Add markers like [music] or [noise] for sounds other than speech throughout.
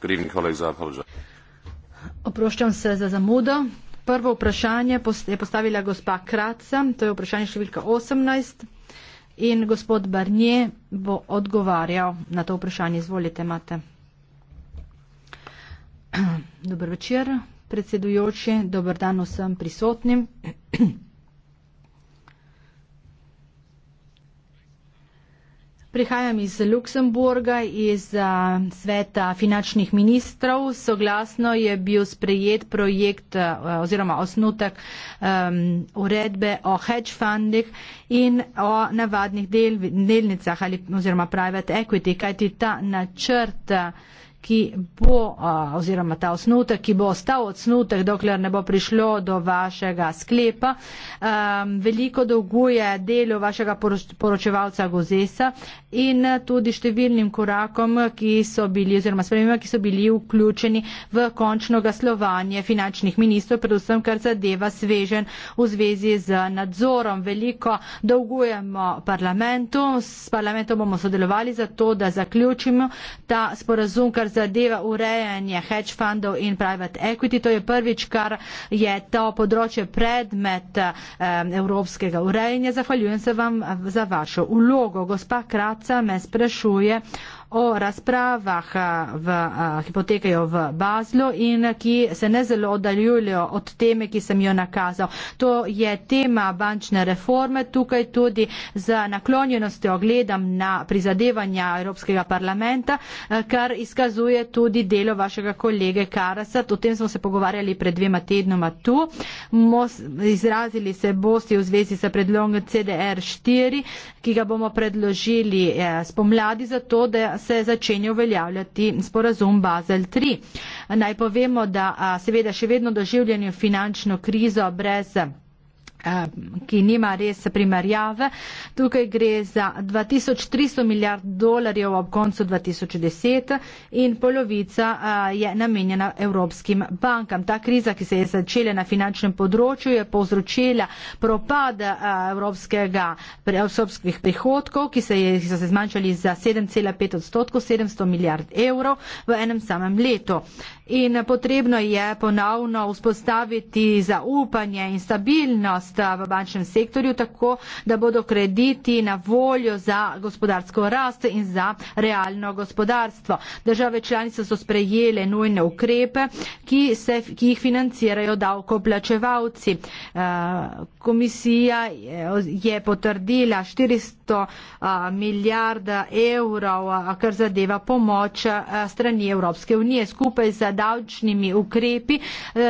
Good evening, colleagues. I apologize. Oproščam se za zamudo. Prvo vprašanje je postavila gospa Kratca, to je vprašanje številka 18 in gospod Barnje bo odgovarjal na to vprašanje. Izvolite, imate. [clears throat] Dober večer, predsedujoči, dober dan vsem prisotnim. [clears throat] Prihajam iz Luksemburga, iz sveta finančnih ministrov. Soglasno je bil sprejet projekt oziroma osnutek um, uredbe o hedge fundih in o navadnih del, delnicah ali, oziroma private equity, kajti ta načrt uh, ki bo, oziroma ta osnutek, ki bo ostal osnutek, dokler ne bo prišlo do vašega sklepa. Veliko dolguje delu vašega poročevalca Gozesa in tudi številnim korakom, ki so bili, oziroma spremembe, ki so bili vključeni v končno gaslovanje finančnih ministrov, predvsem kar zadeva svežen v zvezi z nadzorom. Veliko dolgujemo parlamentu, s parlamentom bomo sodelovali za to, da zaključimo ta sporazum, kar zadeva urejanje hedge fundov in private equity. To je prvič, kar je to področje predmet eh, evropskega urejanja. Zahvaljujem se vam eh, za vašo ulogo. Gospa Kraca me sprašuje o razpravah eh, v hipotekajo eh, v Bazlu in ki se ne zelo oddaljujejo od teme, ki sem jo nakazal. To je tema bančne reforme. Tukaj tudi z naklonjenostjo gledam na prizadevanja Evropskega parlamenta, eh, kar izkazuje tudi delo vašega kolege Karasa. O tem smo se pogovarjali pred dvema tednoma tu. Mos, izrazili se boste v zvezi s predlogom CDR4, ki ga bomo predložili spomladi za to, da se začenja uveljavljati sporazum Basel III. Naj povemo, da seveda še vedno doživljanje finančno krizo brez ki nima res primerjave. Tukaj gre za 2300 milijard dolarjev ob koncu 2010 in polovica je namenjena evropskim bankam. Ta kriza, ki se je začela na finančnem področju, je povzročila propad evropskega evropskih prihodkov, ki se je, so se zmanjšali za 7,5 odstotkov, 700 milijard evrov v enem samem letu. In potrebno je ponovno vzpostaviti zaupanje in stabilnost stabilnost eh, v bančnem sektorju tako, da bodo krediti na voljo za gospodarsko rast in za realno gospodarstvo. Države članice so sprejele nujne ukrepe, ki, se, ki jih financirajo davkoplačevalci. Eh, komisija eh, je potrdila 400 milijarda evrov, kar zadeva pomoč strani Evropske unije. Skupaj z davčnimi ukrepi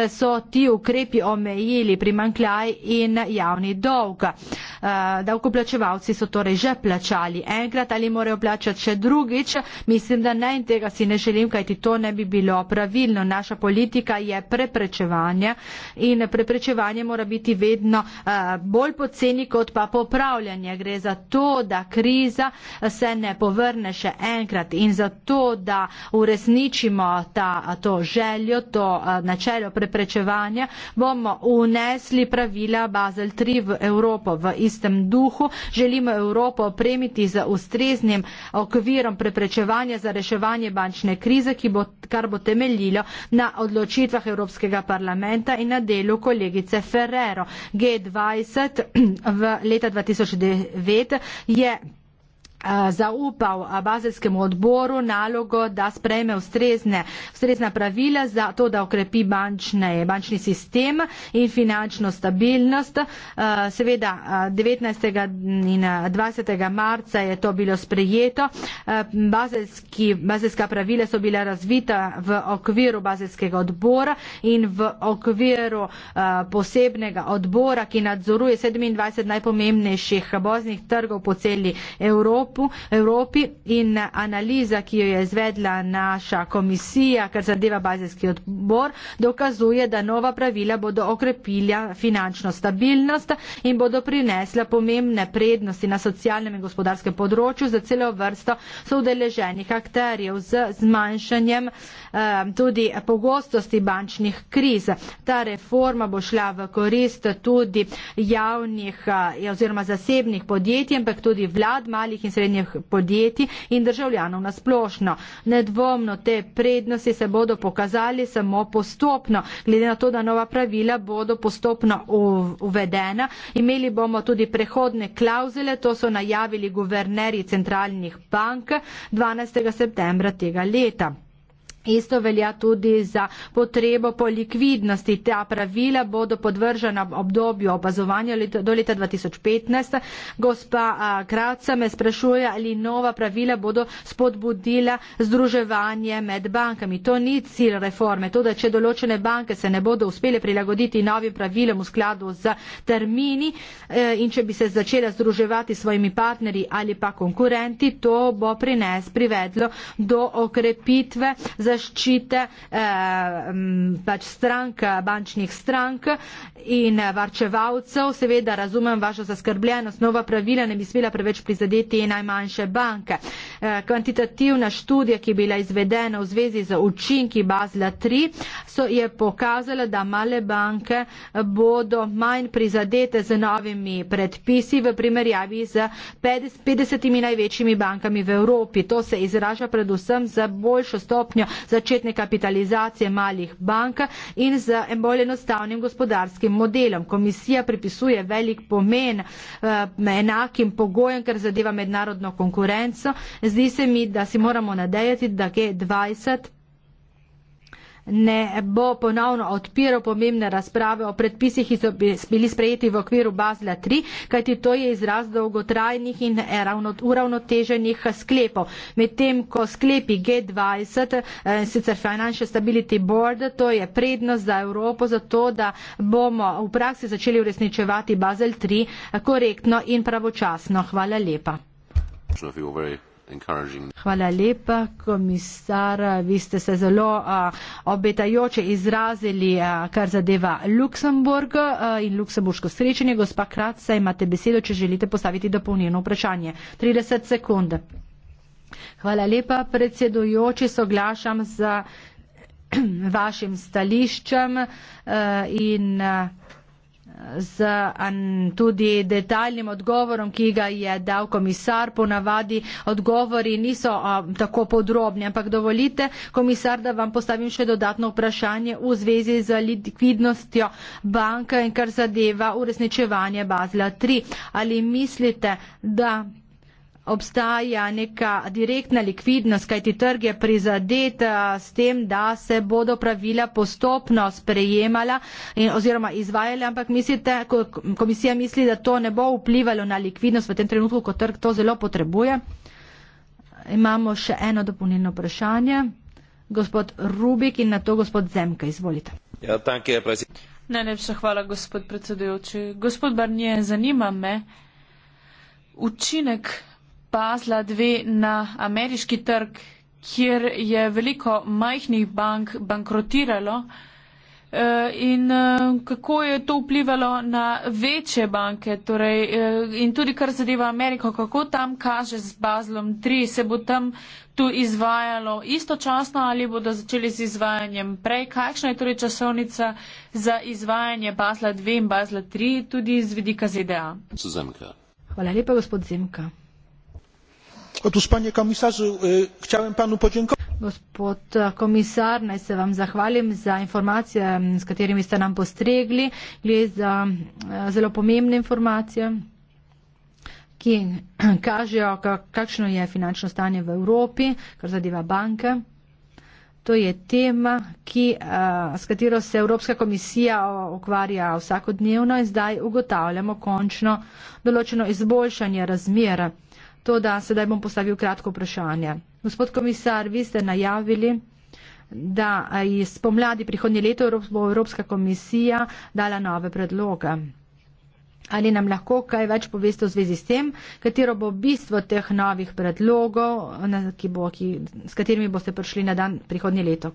so ti ukrepi omejili primankljaj in in javni dolg. Eh, davkoplačevalci so torej že plačali enkrat ali morajo plačati še drugič. Mislim, da ne in tega si ne želim, kajti to ne bi bilo pravilno. Naša politika je preprečevanje in preprečevanje mora biti vedno eh, bolj poceni kot pa popravljanje. Gre za to, da kriza eh, se ne povrne še enkrat in za to, da uresničimo ta, to željo, to načelo preprečevanja, bomo unesli pravila Basel III v Evropo v istem duhu. Želimo Evropo opremiti z ustreznim okvirom preprečevanja za reševanje bančne krize, bo, kar bo temeljilo na odločitvah Evropskega parlamenta in na delu kolegice Ferrero. G20 v leta 2009 je zaupal bazelskemu odboru nalogo, da sprejme ustrezne, ustrezna pravila za to, da okrepi bančne, bančni sistem in finančno stabilnost. Seveda 19. in 20. marca je to bilo sprejeto. Bazelski, bazelska pravila so bila razvita v okviru bazelskega odbora in v okviru posebnega odbora, ki nadzoruje 27 najpomembnejših boznih trgov po celi Evropi Evropu, Evropi in analiza, ki jo je izvedla naša komisija, kar zadeva bazijski odbor, dokazuje, da nova pravila bodo okrepila finančno stabilnost in bodo prinesla pomembne prednosti na socialnem in gospodarskem področju za celo vrsto soudeleženih akterjev z zmanjšanjem eh, tudi pogostosti bančnih kriz. Ta reforma bo šla v korist tudi javnih eh, oziroma zasebnih podjetij, ampak tudi vlad malih in srednjih srednjih podjetij in državljanov na splošno. Nedvomno te prednosti se bodo pokazali samo postopno. Glede na to, da nova pravila bodo postopno uvedena, imeli bomo tudi prehodne klauzule, to so najavili guvernerji centralnih bank 12. septembra tega leta. Isto velja tudi za potrebo po likvidnosti. Ta pravila bodo podvržena obdobju opazovanja do leta 2015. Gospa Kraca me sprašuje, ali nova pravila bodo spodbudila združevanje med bankami. To ni cilj reforme. To, da če določene banke se ne bodo uspele prilagoditi novim pravilom v skladu z termini e, in če bi se začela združevati s svojimi partnerji ali pa konkurenti, to bo prines, privedlo do okrepitve zaščite zaščite eh, pač strank, bančnih strank in eh, varčevalcev. Seveda razumem vašo zaskrbljenost, nova pravila ne bi smela preveč prizadeti najmanjše banke. Eh, Eh, kvantitativna študija, ki je bila izvedena v zvezi z učinki Bazla 3, so, je pokazala, da male banke eh, bodo manj prizadete z novimi predpisi v primerjavi z 50 največjimi bankami v Evropi. To se izraža predvsem z boljšo stopnjo začetne kapitalizacije malih bank in z bolj enostavnim gospodarskim modelom. Komisija pripisuje velik pomen eh, enakim pogojem, ker zadeva mednarodno konkurenco, Zdi se mi, da si moramo nadejati, da G20 ne bo ponovno odpiral pomembne razprave o predpisih, ki so bili sprejeti v okviru Bazla 3, kajti to je izraz dolgotrajnih in uravnoteženih sklepov. Medtem, ko sklepi G20, eh, sicer Financial Stability Board, to je prednost za Evropo, zato da bomo v praksi začeli uresničevati Bazel 3 eh, korektno in pravočasno. Hvala lepa. Sure, Hvala lepa, komisar. Vi ste se zelo uh, obetajoče izrazili, uh, kar zadeva Luksemburg uh, in luksemburško srečanje. Gospa Kratca, imate besedo, če želite postaviti dopolnjeno vprašanje. 30 sekund. Hvala lepa, predsedujoči. Soglašam z [clears throat] vašim stališčem uh, in. Uh, z an, tudi detaljnim odgovorom, ki ga je dal komisar. Ponavadi odgovori niso a, tako podrobni, ampak dovolite, komisar, da vam postavim še dodatno vprašanje v zvezi z likvidnostjo banke in kar zadeva uresničevanje Bazla 3. Ali mislite, da obstaja neka direktna likvidnost, kajti trg je prizadet eh, s tem, da se bodo pravila postopno sprejemala in, oziroma izvajala, ampak mislite, komisija misli, da to ne bo vplivalo na likvidnost v tem trenutku, ko trg to zelo potrebuje. Imamo še eno dopolnilno vprašanje. Gospod Rubik in na to gospod Zemka, izvolite. Ja, je, Najlepša hvala, gospod predsedujoči. Gospod Barnje, zanima me učinek pazla dve na ameriški trg, kjer je veliko majhnih bank bankrotiralo eh, in eh, kako je to vplivalo na večje banke torej, eh, in tudi kar zadeva Ameriko, kako tam kaže z bazlom 3, se bo tam tu izvajalo istočasno ali bodo začeli z izvajanjem prej, kakšna je torej časovnica za izvajanje bazla 2 in bazla 3 tudi iz vidika ZDA. Hvala lepa, gospod Zemka gospa e, komisar naj se vam zahvalim za informacije s katerimi ste nam postregli gre za e, zelo pomembne informacije ki [clears throat] kažejo, kakšno je finančno stanje v Evropi, kar zadeva banke. To je tema, ki, e, s katero se Evropska komisija ukvarja vsakodnevno in zdaj ugotavljamo končno določeno izboljšanje razmera. To da, sedaj bom postavil kratko vprašanje. Gospod komisar, vi ste najavili, da je spomladi prihodnje leto bo Evropska komisija dala nove predloge. Ali nam lahko kaj več poveste v zvezi s tem, katero bo bistvo teh novih predlogov, ki bo, ki, s katerimi boste prišli na dan prihodnje leto?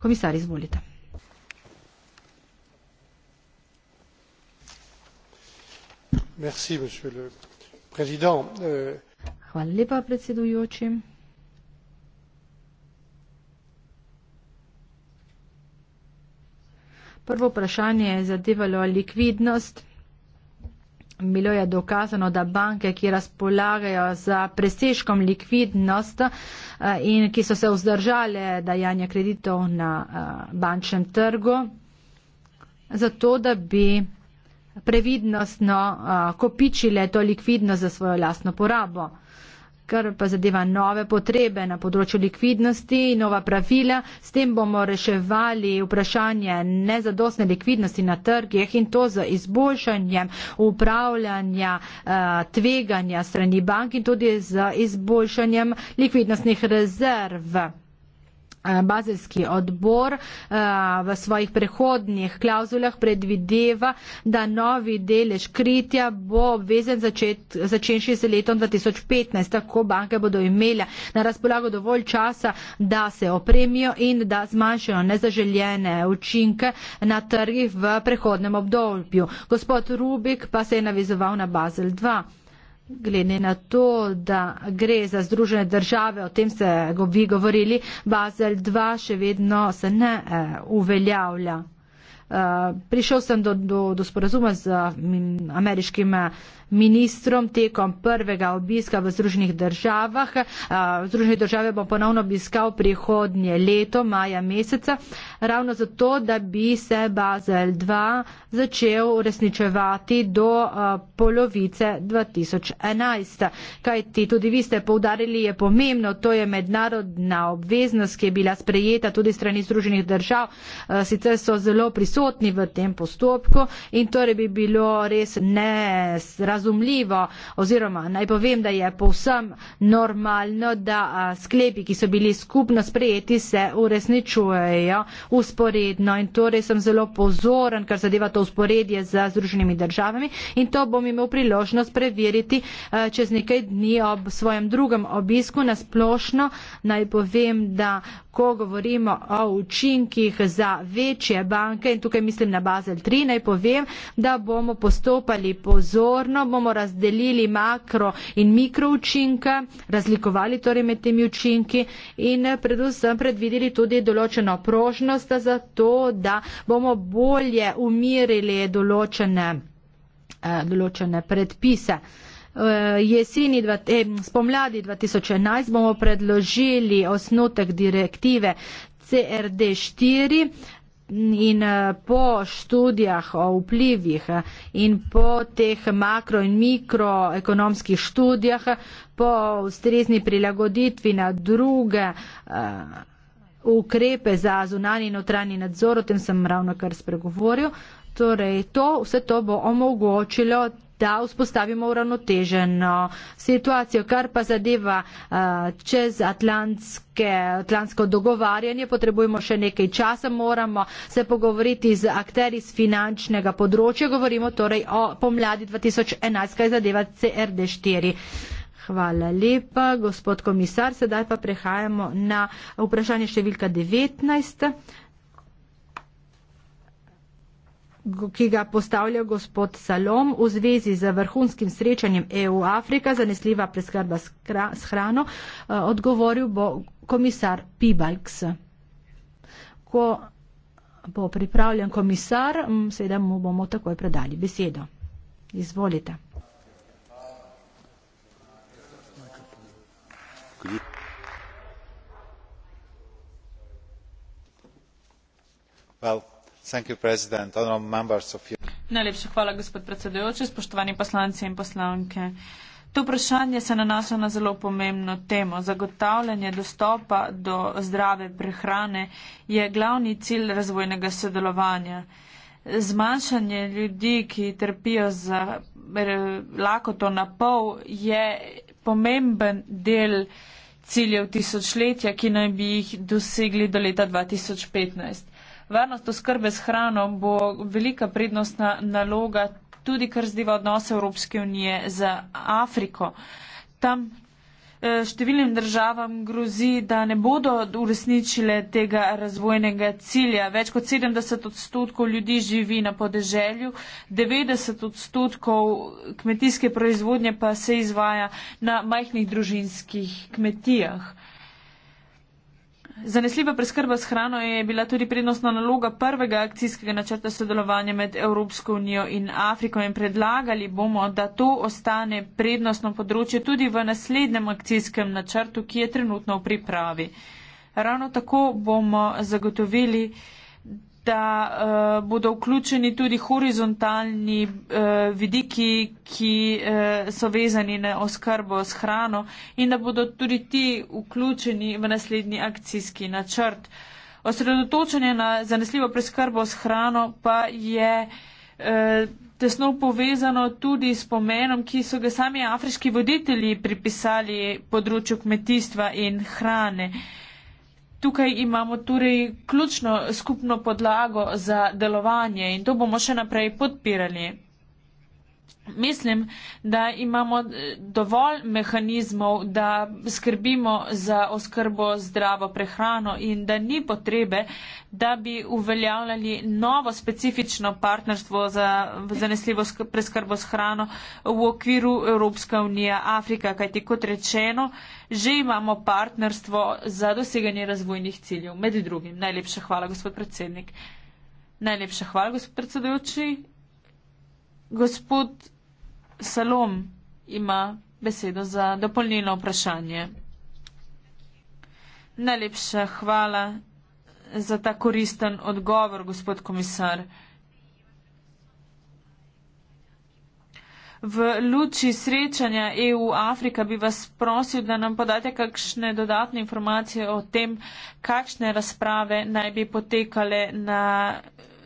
Komisar, izvolite. Merci, monsieur le Euh, Hvala lepa, predsedujoči. Prvo vprašanje je zadevalo likvidnost. Bilo je dokazano, da banke, ki razpolagajo za presežkom likvidnost eh, in ki so se vzdržale dajanja kreditov na eh, bančnem trgu, zato da bi previdnostno uh, kopičile to likvidnost za svojo lastno porabo. Kar pa zadeva nove potrebe na področju likvidnosti in nova pravila, s tem bomo reševali vprašanje nezadostne likvidnosti na trgih in to z izboljšanjem upravljanja uh, tveganja strani bank in tudi z izboljšanjem likvidnostnih rezerv. Базельский отбор в своих приходних клаузулях предвидева, да новый дележ крития бо обвезен заченши с летом 2015, тако банка будут имели на располагу доволь часа да се опремио и да зманшено незажелене учинке на торги в приходном обдолбью. Господ Рубик па се навизовал на Базель 2 glede na to, da gre za združene države, o tem ste vi govorili, Bazel 2 še vedno se ne eh, uveljavlja. Eh, prišel sem do, do, do sporazuma z mm, ameriškim eh, ministrom tekom prvega obiska v Združenih državah. Združene države bo ponovno obiskal prihodnje leto, maja meseca, ravno zato, da bi se Bazel 2 začel uresničevati do polovice 2011. Kaj ti tudi vi ste povdarili, je pomembno, to je mednarodna obveznost, ki je bila sprejeta tudi strani Združenih držav, sicer so zelo prisotni v tem postopku in torej bi bilo res nesrazumljivo, razumljivo oziroma naj povem, da je povsem normalno, da sklepi, ki so bili skupno sprejeti, se uresničujejo usporedno in torej sem zelo pozoren, kar zadeva to usporedje z Združenimi državami in to bom imel priložnost preveriti čez nekaj dni ob svojem drugem obisku na splošno. Naj povem, da ko govorimo o učinkih za večje banke in tukaj mislim na Basel 3, naj povem, da bomo postopali pozorno, bomo razdelili makro in mikro učinke, razlikovali torej med temi učinki in eh, predvsem predvideli tudi določeno prožnost za to, da bomo bolje umirili določene, eh, določene predpise. Eh, jeseni, spomladi 2011 bomo predložili osnotek direktive CRD 4 In eh, po študijah o vplivih eh, in po teh makro in mikroekonomskih študijah, po ustrezni prilagoditvi na druge eh, ukrepe za zunani in notranji nadzor, o tem sem ravno kar spregovoril, torej to, vse to bo omogočilo da vzpostavimo uravnoteženo situacijo, kar pa zadeva eh, čez atlantsko dogovarjanje. Potrebujemo še nekaj časa, moramo se pogovoriti z akteri z finančnega področja. Govorimo torej o pomladi 2011, kaj zadeva CRD4. Hvala lepa, gospod komisar. Sedaj pa prehajamo na vprašanje številka 19 ki ga postavlja gospod Salom v zvezi z vrhunskim srečanjem EU-Afrika, zanesljiva preskrba s hrano, eh, odgovoril bo komisar Pibalks. Ko bo pripravljen komisar, seveda mu bomo takoj predali besedo. Izvolite. Well najlepša hvala gospod predsedujoči spoštovani poslanci in poslanke to vprašanje se nanaša na zelo pomembno temo zagotavljanje dostopa do zdrave prehrane je glavni cilj razvojnega sodelovanja zmanjšanje ljudi ki trpijo za eh, lakoto na pol je pomemben del ciljev tisočletja ki naj bi jih dosegli do leta dva tisoč petnajst Varnost oskrbe s hrano bo velika prednostna naloga tudi kar zdiva odnose Evropske unije z Afriko. Tam e, številnim državam grozi, da ne bodo uresničile tega razvojnega cilja. Več kot 70 odstotkov ljudi živi na podeželju, 90 odstotkov kmetijske proizvodnje pa se izvaja na majhnih družinskih kmetijah. Zanesljiva preskrba s hrano je bila tudi prednostna naloga prvega akcijskega načrta sodelovanja med Evropsko unijo in Afriko in predlagali bomo, da to ostane prednostno področje tudi v naslednjem akcijskem načrtu, ki je trenutno v pripravi. Ravno tako bomo zagotovili, da uh, bodo vključeni tudi horizontalni uh, vidiki, ki uh, so vezani na oskrbo s hrano in da bodo tudi ti vključeni v naslednji akcijski načrt. Osredotočenje na zanesljivo preskrbo s hrano pa je eh, tesno povezano tudi s pomenom, ki so ga sami afriški voditelji pripisali področju kmetijstva in hrane. Eh, Tukaj imamo torej ključno skupno podlago za delovanje in to bomo še naprej podpirali. Mislim, da imamo eh, dovolj mehanizmov, da skrbimo za oskrbo zdravo prehrano in da ni potrebe, da bi uveljavljali novo specifično partnerstvo za zanesljivo preskrbo s hrano v okviru Evropska unija Afrika, kajti kot rečeno, že imamo partnerstvo za doseganje razvojnih ciljev. Med drugim, najlepša hvala, gospod predsednik. Najlepša hvala, gospod predsedujoči. Gospod Salom ima besedo za dopolnilno vprašanje. Najlepša hvala za ta koristen odgovor, gospod komisar. V luči srečanja EU-Afrika bi vas prosil, da nam podate kakšne dodatne informacije o tem, kakšne razprave naj bi potekale na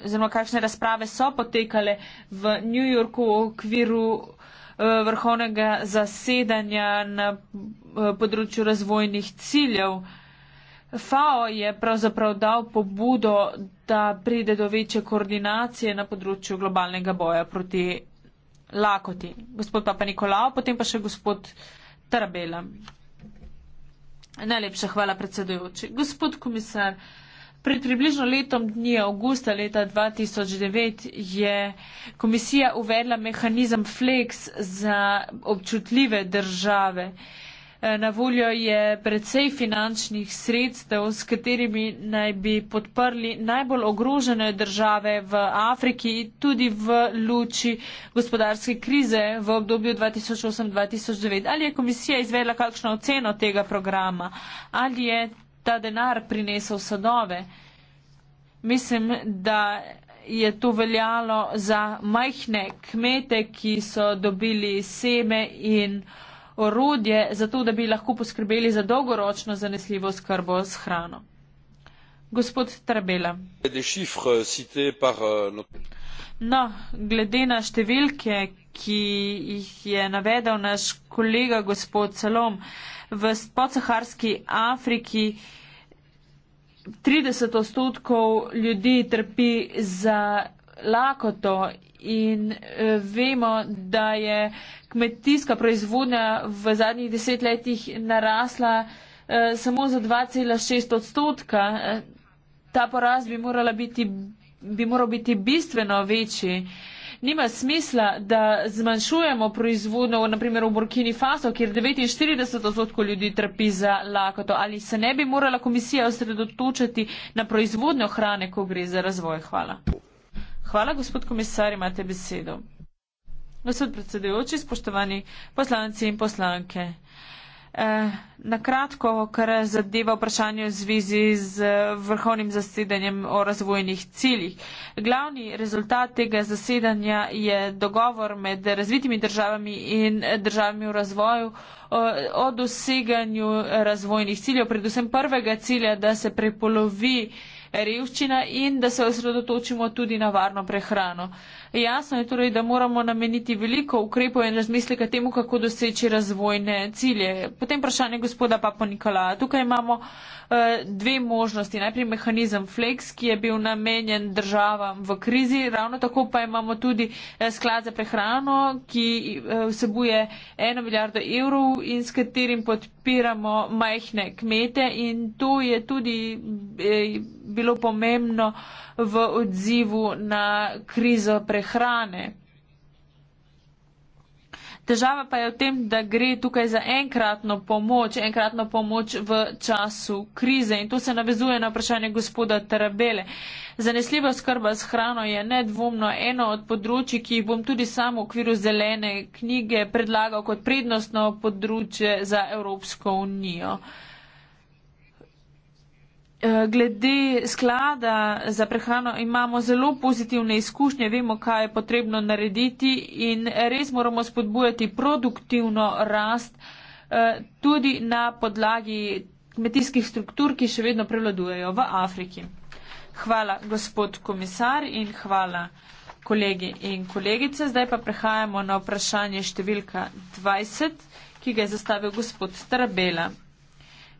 oziroma kakšne razprave so potekale v New Yorku v okviru Eh, vrhovnega zasedanja na eh, področju razvojnih ciljev. FAO je pravzaprav dal pobudo, da pride do večje koordinacije na področju globalnega boja proti lakoti. Gospod Papa Nikolao, potem pa še gospod Tarabela. Najlepša hvala predsedujoči. Gospod komisar. Pred približno letom dni avgusta leta 2009 je komisija uvedla mehanizem Flex za občutljive države. Eh, na voljo je predvsej finančnih sredstev, s katerimi naj bi podprli najbolj ogrožene države v Afriki, tudi v luči gospodarske krize v obdobju 2008-2009. Ali je komisija izvedla kakšno oceno tega programa? Ali je ta denar prinesel sadove. Mislim, da je to veljalo za majhne kmete, ki so dobili seme in orodje, zato da bi lahko poskrbeli za dolgoročno zanesljivo skrbo s hrano. Gospod Trabela. Eh, no, glede na številke, ki jih je navedel naš kolega gospod Salom, v podsaharski Afriki 30 odstotkov ljudi trpi za lakoto in eh, vemo, da je kmetijska proizvodnja v zadnjih desetletjih narasla eh, samo za 2,6 odstotka. Eh, ta poraz bi, biti, bi moral biti bistveno večji nima smisla, da zmanjšujemo proizvodno, naprimer v Burkini Faso, kjer 49 odstotkov ljudi trpi za lakoto. Ali se ne bi morala komisija osredotočiti na proizvodnjo hrane, ko gre za razvoj? Hvala. Hvala, gospod komisar, imate besedo. Gospod predsedujoči, spoštovani poslanci in poslanke. Eh, na kratko, kar zadeva vprašanje v zvezi z eh, vrhovnim zasedanjem o razvojnih ciljih. Glavni rezultat tega zasedanja je dogovor med razvitimi državami in državami v razvoju eh, o doseganju razvojnih ciljev, predvsem prvega cilja, da se prepolovi revščina in da se osredotočimo tudi na varno prehrano. Jasno je torej, da moramo nameniti veliko ukrepov in razmisleka temu, kako doseči razvojne cilje. Potem vprašanje gospoda Papa Nikola. Tukaj imamo Eh, dve možnosti. Najprej mehanizem Flex, ki je bil namenjen državam v krizi, ravno tako pa imamo tudi eh, sklad za prehrano, ki eh, vsebuje eno milijardo evrov in s katerim podpiramo majhne kmete in to je tudi bilo pomembno v odzivu na krizo prehrane. Težava pa je v tem, da gre tukaj za enkratno pomoč, enkratno pomoč v času krize in to se navezuje na vprašanje gospoda Tarabele. Zanesljiva skrba s hrano je nedvomno eno od področji, ki jih bom tudi sam v okviru zelene knjige predlagal kot prednostno področje za Evropsko unijo. Eh, glede sklada za prehrano imamo zelo pozitivne izkušnje, vemo, kaj je potrebno narediti in res moramo spodbujati produktivno rast eh, tudi na podlagi kmetijskih struktur, ki še vedno prevladujejo v Afriki. Hvala, gospod komisar in hvala, kolegi in kolegice. Zdaj pa prehajamo na vprašanje številka 20, ki ga je zastavil gospod Trabela.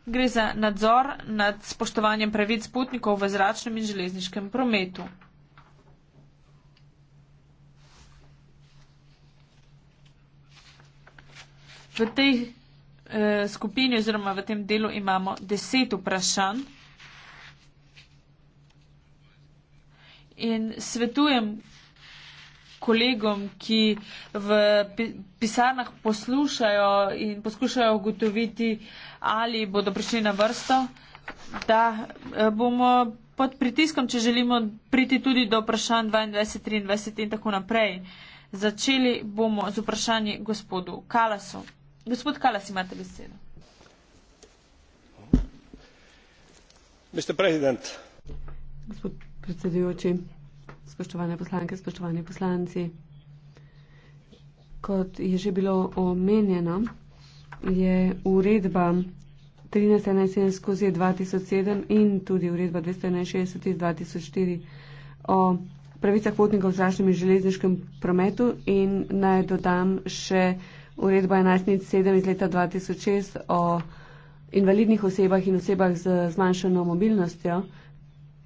Gre za nadzor nad spoštovanjem pravic potnikov v zračnem in železniškem prometu. V tej eh, skupini oziroma v tem delu imamo deset vprašanj in svetujem kolegom, ki v pisarnah poslušajo in poskušajo ugotoviti eh, ali bodo prišli na vrsto, da eh, bomo pod pritiskom, če želimo priti tudi do vprašanj 22, 23 in tako naprej. Začeli bomo z vprašanji gospodu Kalasu. Gospod Kalas, imate besedo. Gospod predsedujoči, spoštovane poslanke, spoštovani poslanci. Kot je že bilo omenjeno, je uredba 1317 skozi 2007 in tudi uredba 261 iz 2004 o pravicah potnikov v zračnem in železniškem prometu in naj dodam še uredba 1107 iz leta 2006 o invalidnih osebah in osebah z zmanjšano mobilnostjo,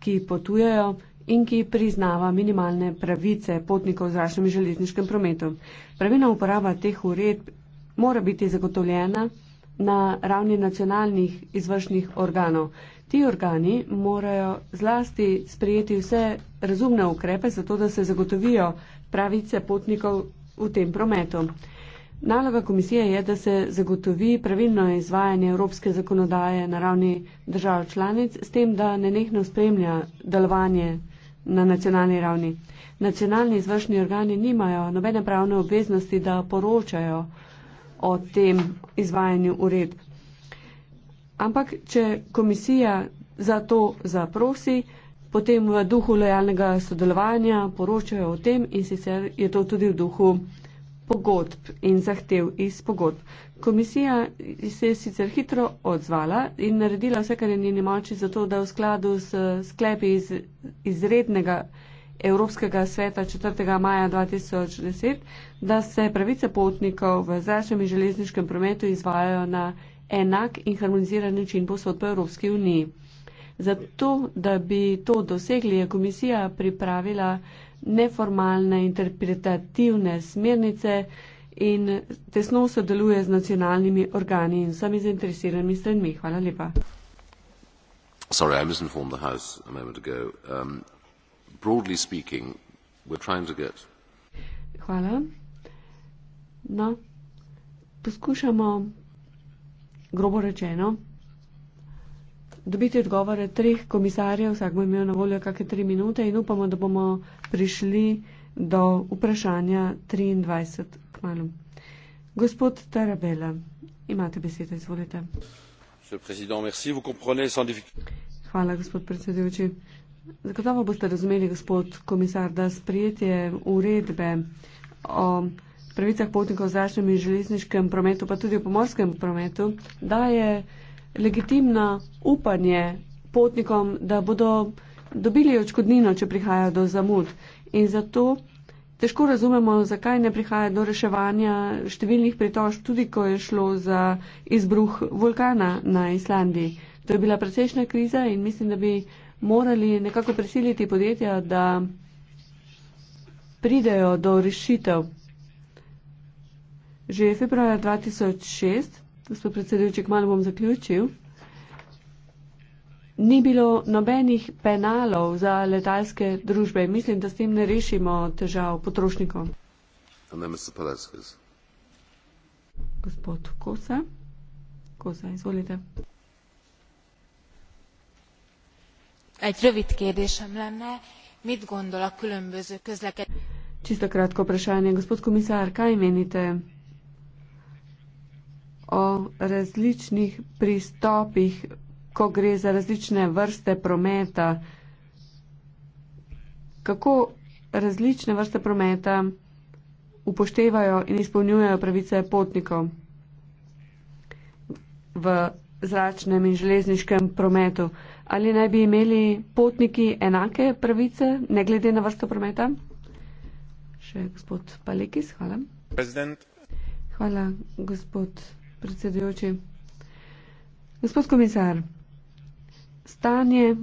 ki potujejo in ki priznava minimalne pravice potnikov v zračnem in železniškem prometu. Pravilna uporaba teh uredb mora biti zagotovljena na ravni nacionalnih izvršnih organov. Ti organi morajo zlasti sprejeti vse razumne ukrepe, zato da se zagotovijo pravice potnikov v tem prometu. Naloga komisije je, da se zagotovi pravilno izvajanje evropske zakonodaje na ravni držav članic, s tem, da nenehno spremlja delovanje na nacionalni ravni. Nacionalni izvršni organi nimajo nobene pravne obveznosti, da poročajo o tem izvajanju uredb. Ampak, če komisija za to zaprosi, potem v duhu lojalnega sodelovanja poročajo o tem in sicer je to tudi v duhu pogodb in zahtev iz pogodb. Komisija se je sicer hitro odzvala in naredila vse, kar je njeni moči, zato da v skladu s sklepi iz, izrednega Evropskega sveta 4. maja 2010, da se pravice potnikov v zračnem in železniškem prometu izvajajo na enak in harmoniziran način posod po Evropski uniji. Zato, da bi to dosegli, je komisija pripravila neformalne interpretativne smernice in tesno sodeluje z nacionalnimi organi in vsemi zainteresiranimi stranmi. Hvala lepa. Sorry, broadly speaking, we're trying to get. Hvala. No, poskušamo, grobo rečeno, dobiti odgovore treh komisarjev, vsak bo imel na voljo kakšne tri minute in upamo, da bomo prišli do vprašanja 23 k malu. Gospod Tarabela, imate besedo, izvolite. Hvala, gospod predsedujoči. Zagotovo boste razumeli, gospod komisar, da sprijetje uredbe o pravicah potnikov v zračnem in železniškem prometu, pa tudi v pomorskem prometu, daje legitimno upanje potnikom, da bodo dobili očkodnino, če prihaja do zamud. In zato težko razumemo, zakaj ne prihaja do reševanja številnih pritožb, tudi ko je šlo za izbruh vulkana na Islandiji. To je bila precejšna kriza in mislim, da bi morali nekako prisiliti podjetja, da pridejo do rešitev. Že februarja 2006, gospod predsedujoči, kmalo bom zaključil, ni bilo nobenih penalov za letalske družbe. Mislim, da s tem ne rešimo težav potrošnikov. Gospod Kosa, Kosa, izvolite. egy rövid kérdésem lenne mit gondol a különböző közlekedési. Чисто кратко вопрошение, господ комисар, кај мените о различних приступих, ко гре за различне врсте промета, како различне врсте промета упоштевају и исполнјују правице потников в зрачнем и железничкем промету ali naj bi imeli potniki enake pravice, ne glede na vrsto prometa? Še gospod Palekis, hvala. President. Hvala, gospod predsedujoči. Gospod komisar, stanje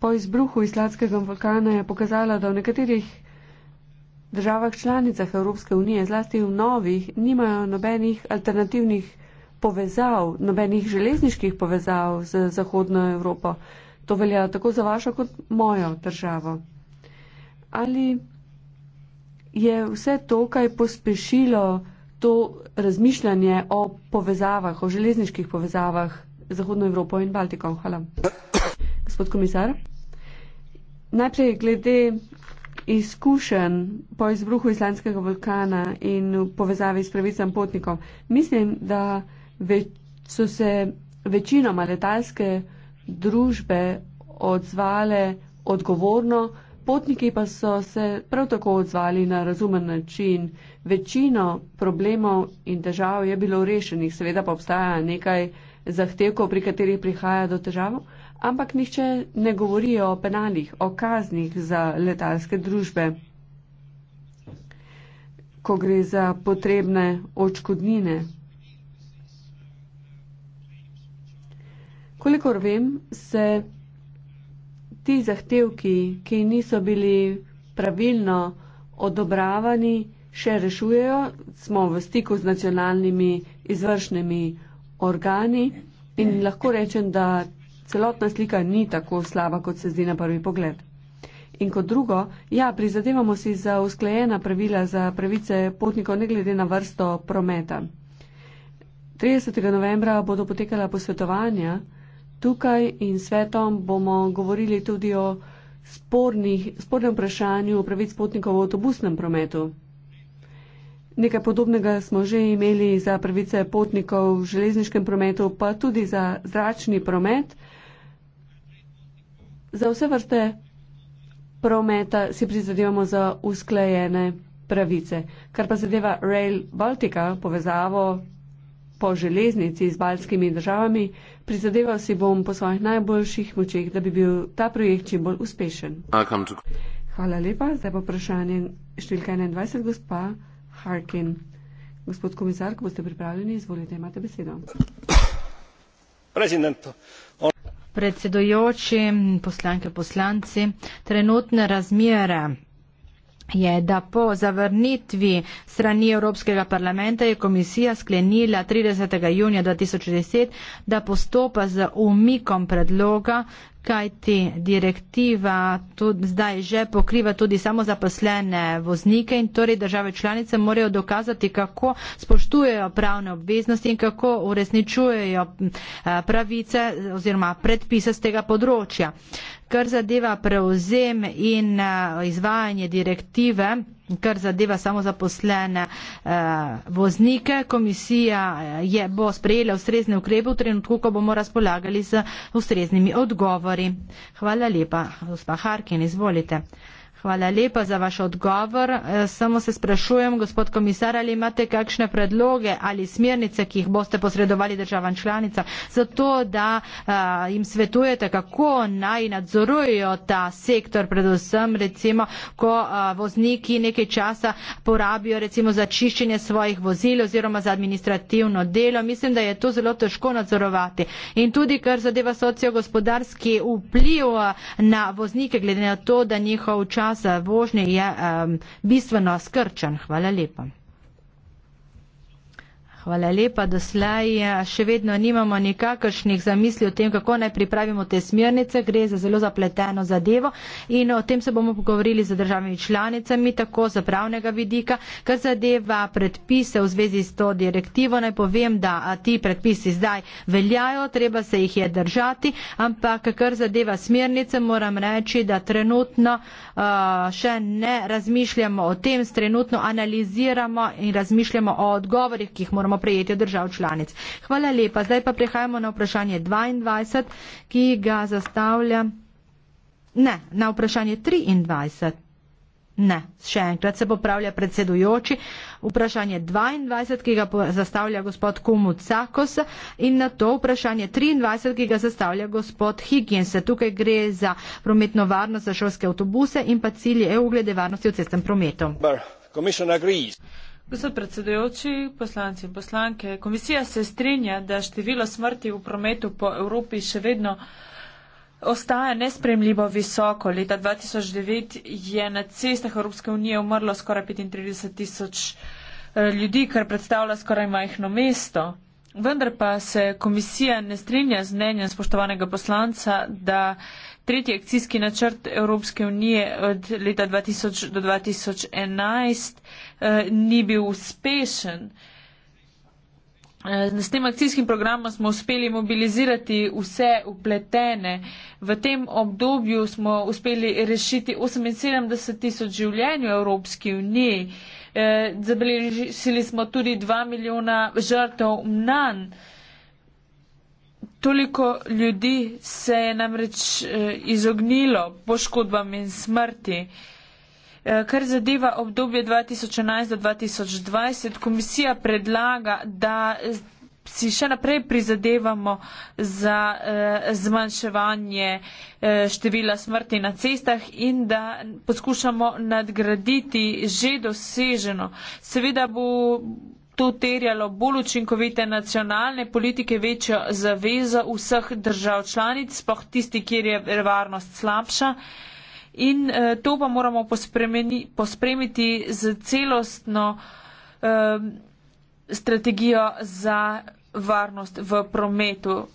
po izbruhu islamskega vulkana je pokazalo, da v nekaterih državah članicah Evropske unije, zlasti v novih, nimajo nobenih alternativnih povezav, nobenih železniških povezav z Zahodno Evropo. To velja tako za vašo kot mojo državo. Ali je vse to, kaj pospešilo to razmišljanje o povezavah, o železniških povezavah Zahodno Evropo in Baltiko? Hvala. Gospod komisar. Najprej glede izkušen po izbruhu islanskega vulkana in povezavi s pravicam potnikov. Mislim, da Več, so se večinoma letalske družbe odzvale odgovorno, potniki pa so se prav tako odzvali na razumen način. Večino problemov in težav je bilo rešenih, seveda pa obstaja nekaj zahtevkov, pri katerih prihaja do težav, ampak nihče ne govori o penalih, o kaznih za letalske družbe, ko gre za potrebne očkodnine. Kolikor vem, se ti zahtevki, ki niso bili pravilno odobravani, še rešujejo. Smo v stiku z nacionalnimi izvršnimi organi in lahko rečem, da celotna slika ni tako slaba, kot se zdi na prvi pogled. In kot drugo, ja, prizadevamo si za usklejena pravila za pravice potnikov, ne glede na vrsto prometa. 30. novembra bodo potekala posvetovanja, tukaj in svetom bomo govorili tudi o spornih, spornem vprašanju pravic potnikov v avtobusnem prometu. Nekaj podobnega smo že imeli za pravice potnikov v železniškem prometu, pa tudi za zračni promet. Za vse vrste prometa si prizadevamo za usklajene pravice. Kar pa zadeva Rail Baltica, povezavo po železnici z baljskimi državami, prizadeval si bom po svojih najboljših močeh, da bi bil ta projekt čim bolj uspešen. To... Hvala lepa, zdaj pa vprašanje številka 21, gospa Harkin. Gospod komisar, ko boste pripravljeni, izvolite, imate besedo. On... Predsedujoči, poslanke, poslanci, trenutne razmere je, da po zavrnitvi strani Evropskega parlamenta je komisija sklenila 30. junija 2010, da postopa z umikom predloga, kajti direktiva tudi zdaj že pokriva tudi samo zaposlene voznike in torej države članice morajo dokazati, kako spoštujejo pravne obveznosti in kako uresničujejo eh, pravice oziroma predpise z tega področja kar zadeva prevzem in eh, izvajanje direktive, kar zadeva samo zaposlene eh, voznike. Komisija eh, je, bo sprejela ustrezne ukrepe v trenutku, ko bomo razpolagali z ustreznimi odgovori. Hvala lepa, gospa Harkin, izvolite. Hvala lepa za vaš odgovor. E, samo se sprašujem, gospod komisar, ali imate kakšne predloge ali smernice, ki jih boste posredovali državam članica, zato da a, e, jim svetujete, kako naj nadzorujejo ta sektor, predvsem recimo, ko a, e, vozniki nekaj časa porabijo recimo za čiščenje svojih vozil oziroma za administrativno delo. Mislim, da je to zelo težko nadzorovati. In tudi, kar zadeva sociogospodarski vpliv na voznike, glede na to, da njihov čas čas vožnje je um, bistveno skrčen. Hvala lepa. Hvala lepa, doslej ja, še vedno nimamo nikakršnih zamisli o tem, kako naj pripravimo te smernice. Gre za zelo zapleteno zadevo in o tem se bomo pogovorili z državami članicami, tako za pravnega vidika. Kar zadeva predpise v zvezi s to direktivo, naj povem, da ti predpisi zdaj veljajo, treba se jih je držati, ampak kar zadeva smernice, moram reči, da trenutno uh, še ne razmišljamo o tem, trenutno analiziramo in razmišljamo o odgovorih, ki jih moramo moramo prejeti od držav članic. Hvala lepa. Zdaj pa prehajamo na vprašanje 22, ki ga zastavlja. Ne, na vprašanje 23. Ne, še enkrat se popravlja predsedujoči. Vprašanje 22, ki ga zastavlja gospod Kumucakos in na to vprašanje 23, ki ga zastavlja gospod Higgins. Tukaj gre za prometno varnost za šolske avtobuse in pa cilje EU glede varnosti v cestnem prometu. Komisija agrees. Gospod predsedujoči, poslanci in poslanke, komisija se strinja, da število smrti v prometu po Evropi še vedno ostaja nespremljivo visoko. Leta 2009 je na cestah Evropske unije umrlo skoraj 35 tisoč eh, ljudi, kar predstavlja skoraj majhno mesto. Vendar pa se komisija ne strinja z mnenjem spoštovanega poslanca, da tretji akcijski načrt Evropske unije od leta 2000 do 2011 eh, ni bil uspešen. Eh, s tem akcijskim programom smo uspeli mobilizirati vse upletene. V tem obdobju smo uspeli rešiti 78 tisoč življenj v Evropski uniji. Eh, zabeležili smo tudi 2 milijona žrtev mnan toliko ljudi se je namreč eh, izognilo poškodbam in smrti. Eh, kar zadeva obdobje 2011 do 2020, komisija predlaga, da eh, si še naprej prizadevamo za eh, zmanjševanje eh, števila smrti na cestah in da poskušamo nadgraditi že doseženo. Seveda bo to terjalo bolj učinkovite nacionalne politike, večjo zavezo vseh držav članic, spoh tisti, kjer je varnost slabša. In eh, to pa moramo pospremiti z celostno eh, strategijo za varnost v prometu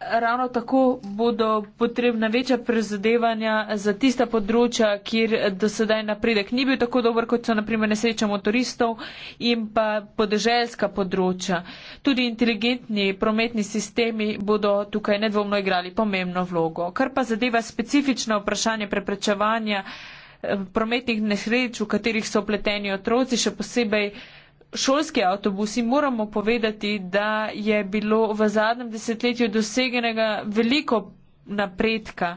ravno tako bodo potrebna večja prizadevanja za tista področja, kjer do sedaj napredek ni bil tako dober, kot so naprimer nesreča motoristov in pa podeželska področja. Tudi inteligentni prometni sistemi bodo tukaj nedvomno igrali pomembno vlogo. Kar pa zadeva specifično vprašanje preprečevanja eh, prometnih nesreč, v katerih so opleteni otroci, še posebej šolski avtobusi, moramo povedati, da je bilo v zadnjem desetletju doseganega veliko napredka.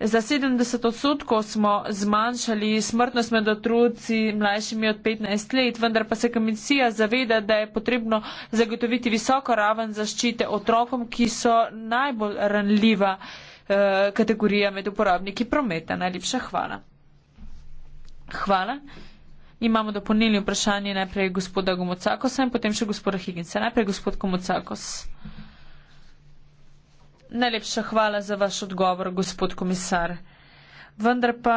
Za 70 odstotkov smo zmanjšali smrtnost med otroci mlajšimi od 15 let, vendar pa se komisija zaveda, da je potrebno zagotoviti visoko raven zaščite otrokom, ki so najbolj ranljiva eh, kategorija med uporabniki prometa. Najlepša hvala. Hvala. Imamo dopolnilni vprašanje najprej gospoda Gomocakosa in potem še gospoda Higginsa. Najprej gospod Gomocakos. Najlepša hvala za vaš odgovor, gospod komisar. Vendar pa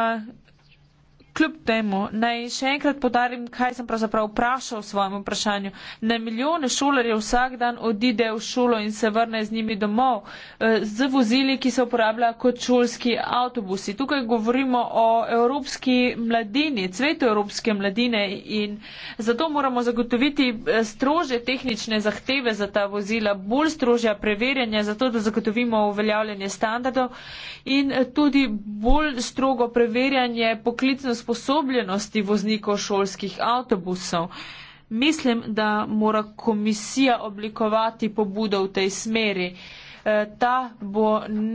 Kljub temu naj še enkrat podarim, kaj sem pravzaprav vprašal v svojem vprašanju. Na milijone šolarjev vsak dan odide v šolo in se vrne z njimi domov eh, z vozili, ki se uporablja kot šolski avtobusi. Tukaj govorimo o evropski mladini, cvetu evropske mladine in zato moramo zagotoviti eh, strože tehnične zahteve za ta vozila, bolj strožja preverjanja, zato da zagotovimo uveljavljanje standardov in eh, tudi bolj strogo preverjanje poklicnosti usposobljenosti voznikov šolskih avtobusov. Mislim, da mora komisija oblikovati pobudo v tej smeri. E, ta bo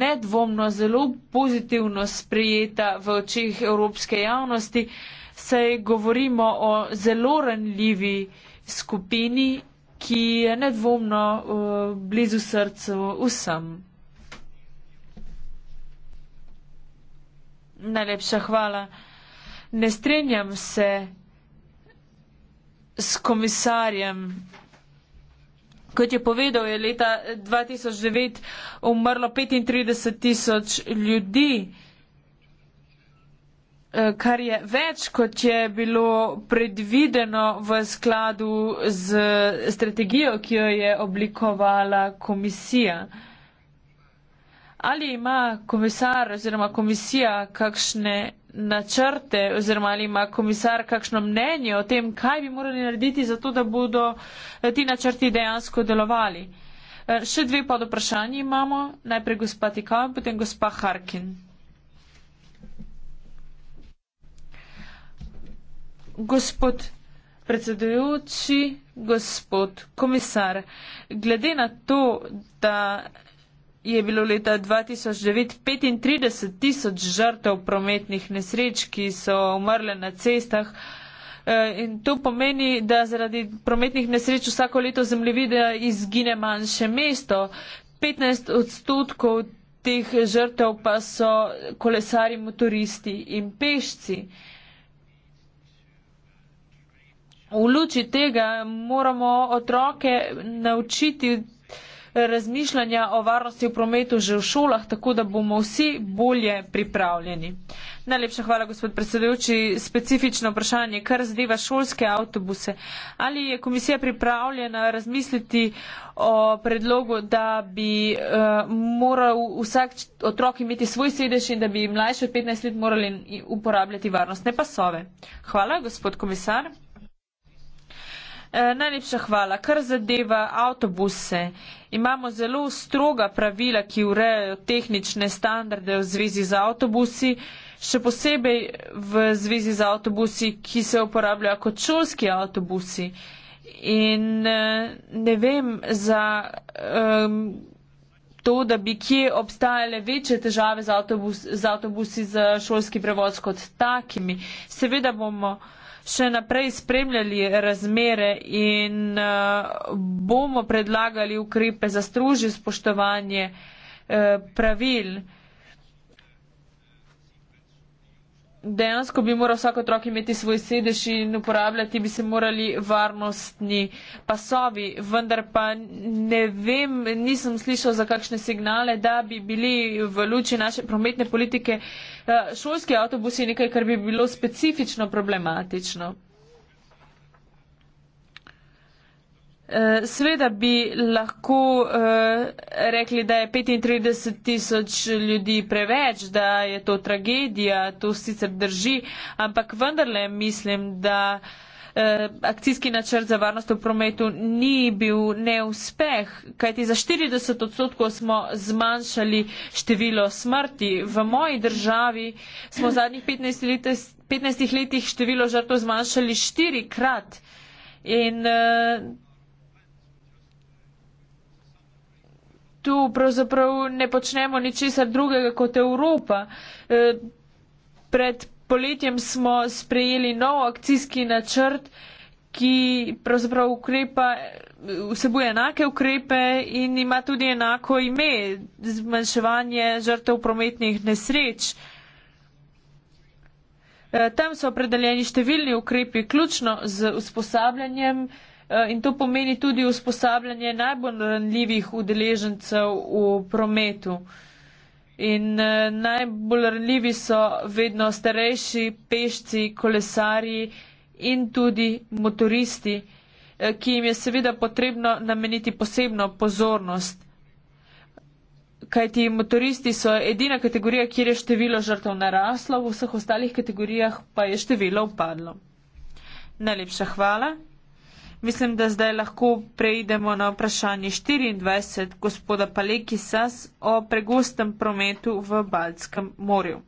nedvomno zelo pozitivno sprejeta v očih evropske javnosti, saj govorimo o zelo ranljivi skupini, ki je nedvomno e, blizu srca vsem. Najlepša hvala. Ne strinjam se s komisarjem. Kot je povedal, je leta 2009 umrlo 35 tisoč ljudi, eh, kar je več, kot je bilo predvideno v skladu z strategijo, ki jo je oblikovala komisija ali ima komisar oziroma komisija kakšne načrte oziroma ali ima komisar kakšno mnenje o tem, kaj bi morali narediti za to, da bodo eh, ti načrti dejansko delovali. Eh, še dve pod vprašanji imamo. Najprej gospa Tikal, potem gospa Harkin. Gospod predsedujoči, gospod komisar, glede na to, da je bilo leta 2009 35 tisoč žrtev prometnih nesreč, ki so umrle na cestah. Eh, in to pomeni, da zaradi prometnih nesreč vsako leto zemljevide izgine manjše mesto. 15 odstotkov teh žrtev pa so kolesari, motoristi in pešci. V luči tega moramo otroke naučiti razmišljanja o varnosti v prometu že v šolah, tako da bomo vsi bolje pripravljeni. Najlepša hvala, gospod predsedujoči. Specifično vprašanje, kar zadeva šolske avtobuse. Ali je komisija pripravljena razmisliti o predlogu, da bi uh, moral vsak otrok imeti svoj sedež in da bi mlajši od 15 let morali uporabljati varnostne pasove? Hvala, gospod komisar. Eh, najlepša hvala. Kar zadeva avtobuse, imamo zelo stroga pravila, ki urejajo tehnične standarde v zvezi z avtobusi, še posebej v zvezi z avtobusi, ki se uporabljajo kot šolski avtobusi. In eh, ne vem za um, to, da bi kje obstajale večje težave z, avtobus, z avtobusi za šolski prevoz kot takimi. Seveda bomo še naprej spremljali razmere in eh, bomo predlagali ukrepe za stružje spoštovanje eh, pravil. dejansko bi moral vsak otrok imeti svoj sedež in uporabljati bi se morali varnostni pasovi, vendar pa ne vem, nisem slišal za kakšne signale, da bi bili v luči naše prometne politike eh, šolski avtobusi nekaj, kar bi bilo specifično problematično. Eh, Sveda bi lahko eh, rekli, da je 35 tisoč ljudi preveč, da je to tragedija, to sicer drži, ampak vendarle mislim, da eh, akcijski načrt za varnost v prometu ni bil neuspeh, kajti za 40 odstotkov smo zmanjšali število smrti. V moji državi smo v zadnjih 15, let, 15 letih število žrtov zmanjšali štirikrat. In tu pravzaprav ne počnemo ničesar drugega kot Evropa. E, pred poletjem smo sprejeli nov akcijski načrt, ki pravzaprav ukrepa, vsebuje enake ukrepe in ima tudi enako ime - zmanjševanje žrtev prometnih nesreč. E, tam so opredeljeni številni ukrepi, ključno z usposabljanjem. Eh, in to pomeni tudi usposabljanje najbolj ranljivih udeležencev v prometu. In eh, najbolj ranljivi so vedno starejši, pešci, kolesarji in tudi motoristi, eh, ki jim je seveda potrebno nameniti posebno pozornost. Kajti motoristi so edina kategorija, kjer je število žrtev naraslo, v vseh ostalih kategorijah pa je število upadlo. Najlepša hvala. Mislim, da zdaj lahko preidemo na vprašanje 24 gospoda Palekisas o pregostem prometu v Baltskem morju.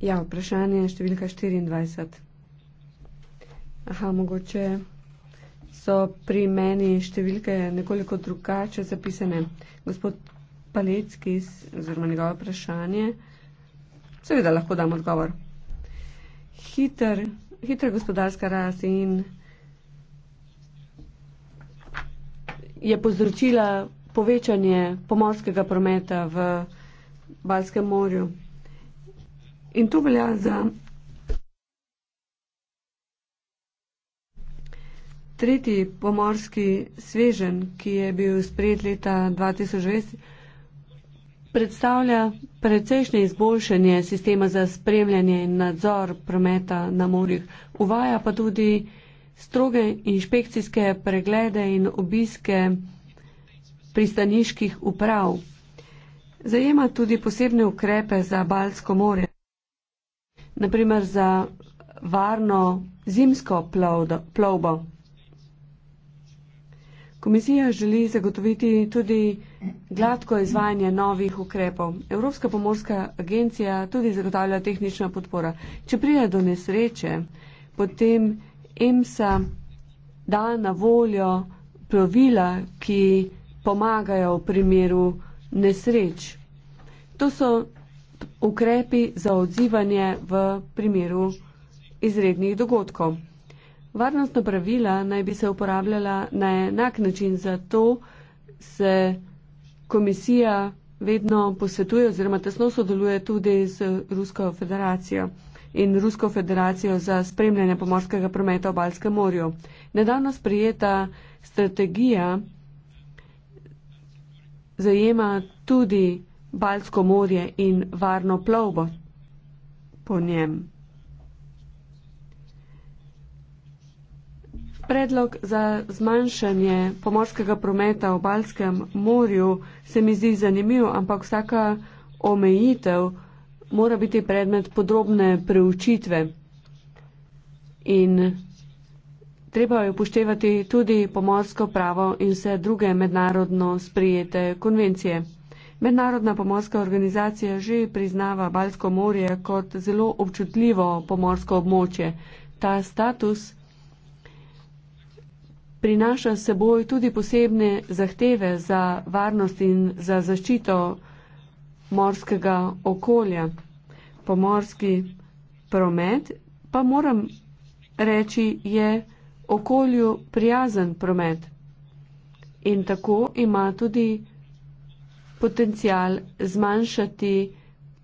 Ja, vprašanje je številka 24. Aha, mogoče so pri meni številke nekoliko drugače zapisane. Gospod Palecki, oziroma njegovo vprašanje, seveda lahko dam odgovor. Hiter, hitra gospodarska rast in je povzročila povečanje pomorskega prometa v Balskem morju. In to velja za Tretji pomorski svežen, ki je bil sprejet leta 2020, predstavlja precejšnje izboljšanje sistema za spremljanje in nadzor prometa na morjih. Uvaja pa tudi stroge inšpekcijske preglede in obiske pristaniških uprav. Zajema tudi posebne ukrepe za Balsko more, naprimer za varno zimsko plovbo. Komisija želi zagotoviti tudi gladko izvajanje novih ukrepov. Evropska pomorska agencija tudi zagotavlja tehnična podpora. Če prije do nesreče, potem EMSA da na voljo plovila, ki pomagajo v primeru nesreč. To so ukrepi za odzivanje v primeru izrednih dogodkov. Varnostna pravila naj bi se uporabljala na enak način, zato se komisija vedno posvetuje oziroma tesno sodeluje tudi z Rusko federacijo in Rusko federacijo za spremljanje pomorskega prometa v Balskem morju. Nedavno sprijeta strategija zajema tudi Balsko morje in varno plovbo po njem. predlog za zmanjšanje pomorskega prometa v Balskem morju se mi zdi zanimiv, ampak vsaka omejitev mora biti predmet podrobne preučitve. In treba je upoštevati tudi pomorsko pravo in vse druge mednarodno sprijete konvencije. Mednarodna pomorska organizacija že priznava Balsko morje kot zelo občutljivo pomorsko območje. Ta status prinaša s seboj tudi posebne zahteve za varnost in za zaščito morskega okolja. Pomorski promet pa moram reči je okolju prijazen promet in tako ima tudi potencial zmanjšati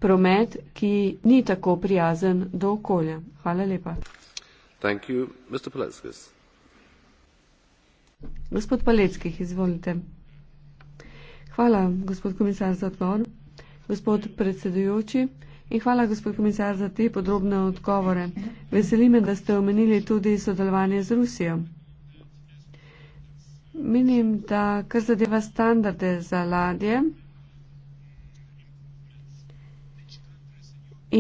promet, ki ni tako prijazen do okolja. Hvala lepa. Thank you, Mr. Paleckis. Gospod Paleckih, izvolite. Hvala, gospod komisar, za odgovor. Gospod predsedujoči in hvala, gospod komisar, za te podrobne odgovore. Veseli me, da ste omenili tudi sodelovanje z Rusijo. Menim, da kar zadeva standarde za ladje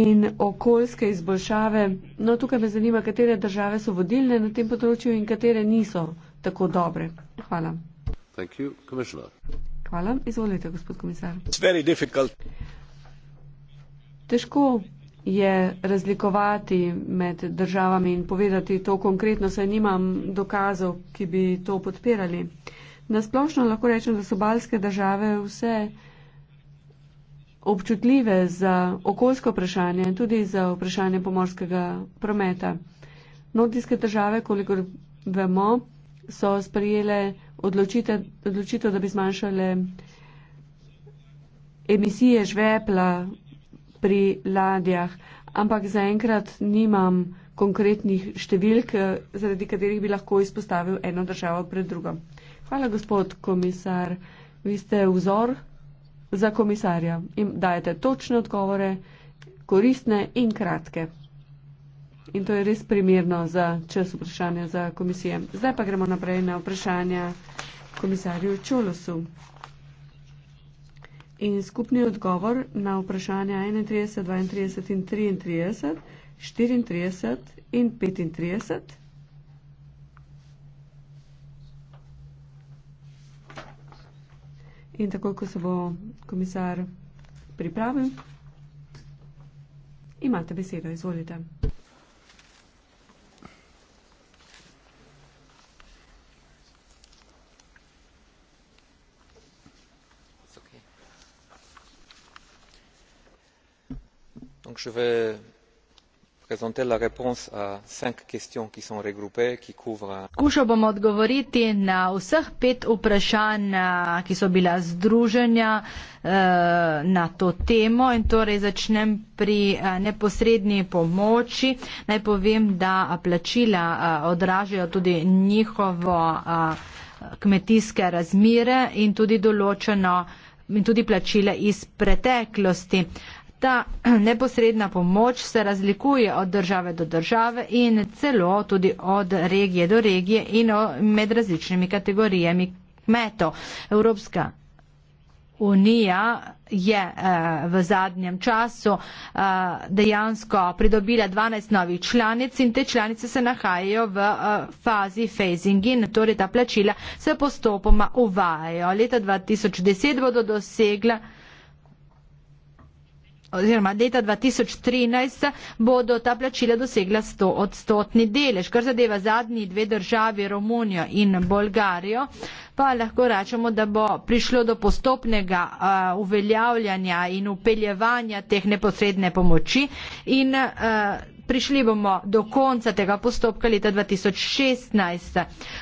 in okoljske izboljšave. No, tukaj me zanima, katere države so vodilne na tem področju in katere niso tako dobre. Hvala. Hvala. Izvolite, gospod komisar. Težko je razlikovati med državami in povedati to konkretno, saj nimam dokazov, ki bi to podpirali. Nasplošno lahko rečem, da so balske države vse občutljive za okoljsko vprašanje in tudi za vprašanje pomorskega prometa. Nordijske države, kolikor vemo, so sprejele odločitev, da bi zmanjšale emisije žvepla pri ladjah, ampak zaenkrat nimam konkretnih številk, eh, zaradi katerih bi lahko izpostavil eno državo pred drugo. Hvala, gospod komisar. Vi ste vzor za komisarja in dajete točne odgovore, koristne in kratke. In to je res primerno za čas vprašanja za komisije. Zdaj pa gremo naprej na vprašanja komisarju Čolosu. In skupni odgovor na vprašanja 31, 32 in 33, 34 in 35. In tako, ko se bo komisar pripravil, imate besedo, izvolite. je vais présenter la réponse à cinq questions qui sont regroupées, qui couvrent. Skušal bom odgovoriti na vseh pet vprašanj, ki so bila združenja eh, na to temo in torej začnem pri eh, neposrednji pomoči. Naj povem, da eh, plačila odražajo tudi njihovo kmetijske razmire in tudi določeno in tudi plačila iz preteklosti. Uh, Ta [clears throat] neposredna pomoč se razlikuje od države do države in celo tudi od regije do regije in med različnimi kategorijami kmetov. Evropska unija je eh, v zadnjem času eh, dejansko pridobila 12 novih članic in te članice se nahajajo v eh, fazi phasing in torej ta plačila se postopoma uvajajo. Leta 2010 bodo dosegla oziroma leta 2013 bodo ta plačila dosegla 100 odstotni delež. Kar zadeva zadnji dve državi, Romunijo in Bolgarijo, pa lahko rečemo, da bo prišlo do postopnega uh, uveljavljanja in upeljevanja teh neposredne pomoči in uh, prišli bomo do konca tega postopka leta 2016.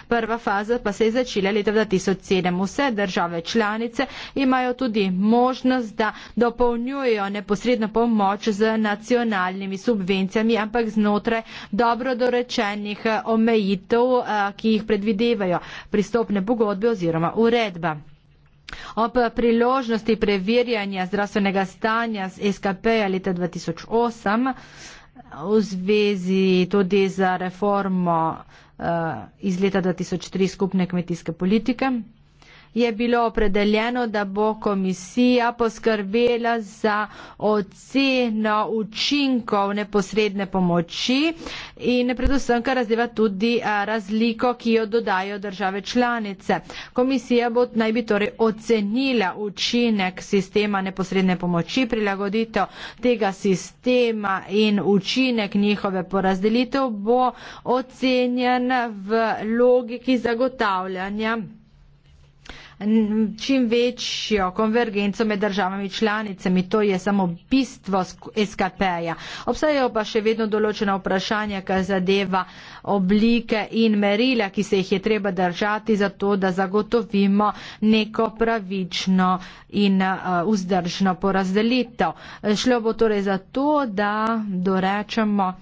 Prva faza pa se je začela leta 2007. Vse države članice imajo tudi možnost, da dopolnjujejo neposredno pomoč z nacionalnimi subvencijami, ampak znotraj dobro dorečenih eh, omejitev, eh, ki jih predvidevajo pristopne pogodbe oziroma uredba. Ob priložnosti preverjanja zdravstvenega stanja z SKP leta 2008 v zvezi tudi za reformo uh, iz leta 2003 skupne kmetijske politike je bilo opredeljeno, da bo komisija poskrbela za oceno učinkov neposredne pomoči in predvsem, kar razdeva tudi razliko, ki jo dodajo države članice. Komisija bo naj bi torej ocenila učinek sistema neposredne pomoči, prilagoditev tega sistema in učinek njihove porazdelitev bo ocenjen v logiki zagotavljanja čim večjo konvergenco med državami članicami. To je samo bistvo SKP-ja. Obstajajo pa še vedno določena vprašanja, kar zadeva oblike in merila, ki se jih je treba držati za to, da zagotovimo neko pravično in vzdržno porazdelitev. Šlo bo torej za to, da dorečemo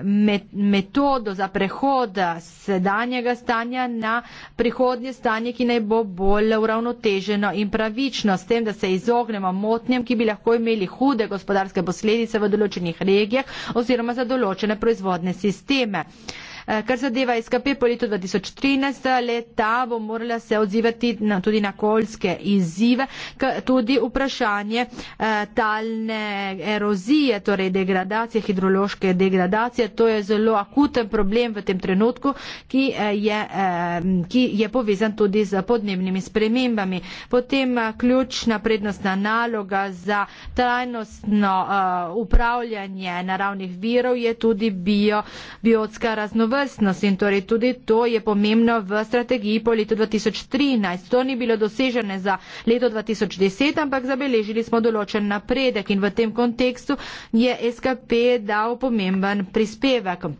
Met, metodo za prehod sedanjega stanja na prihodnje stanje, ki naj bo bolj uravnoteženo in pravično, s tem, da se izognemo motnjem, ki bi lahko imeli hude gospodarske posledice v določenih regijah oziroma za določene proizvodne sisteme. Uh, Eh, kar zadeva SKP po letu 2013, leta bo morala se odzivati na, tudi na kolske izzive, k, tudi vprašanje eh, talne erozije, torej degradacije, hidrološke degradacije. To je zelo akuten problem v tem trenutku, ki, eh, je, eh, ki je povezan tudi z podnebnimi spremembami. Potem eh, ključna prednostna naloga za trajnostno eh, upravljanje naravnih virov je tudi bio, biotska raznovrstnost raznovrstnost in torej tudi to je pomembno v strategiji po letu 2013. To ni bilo dosežene za leto 2010, ampak zabeležili smo določen napredek in v tem kontekstu je SKP dal pomemben prispevek.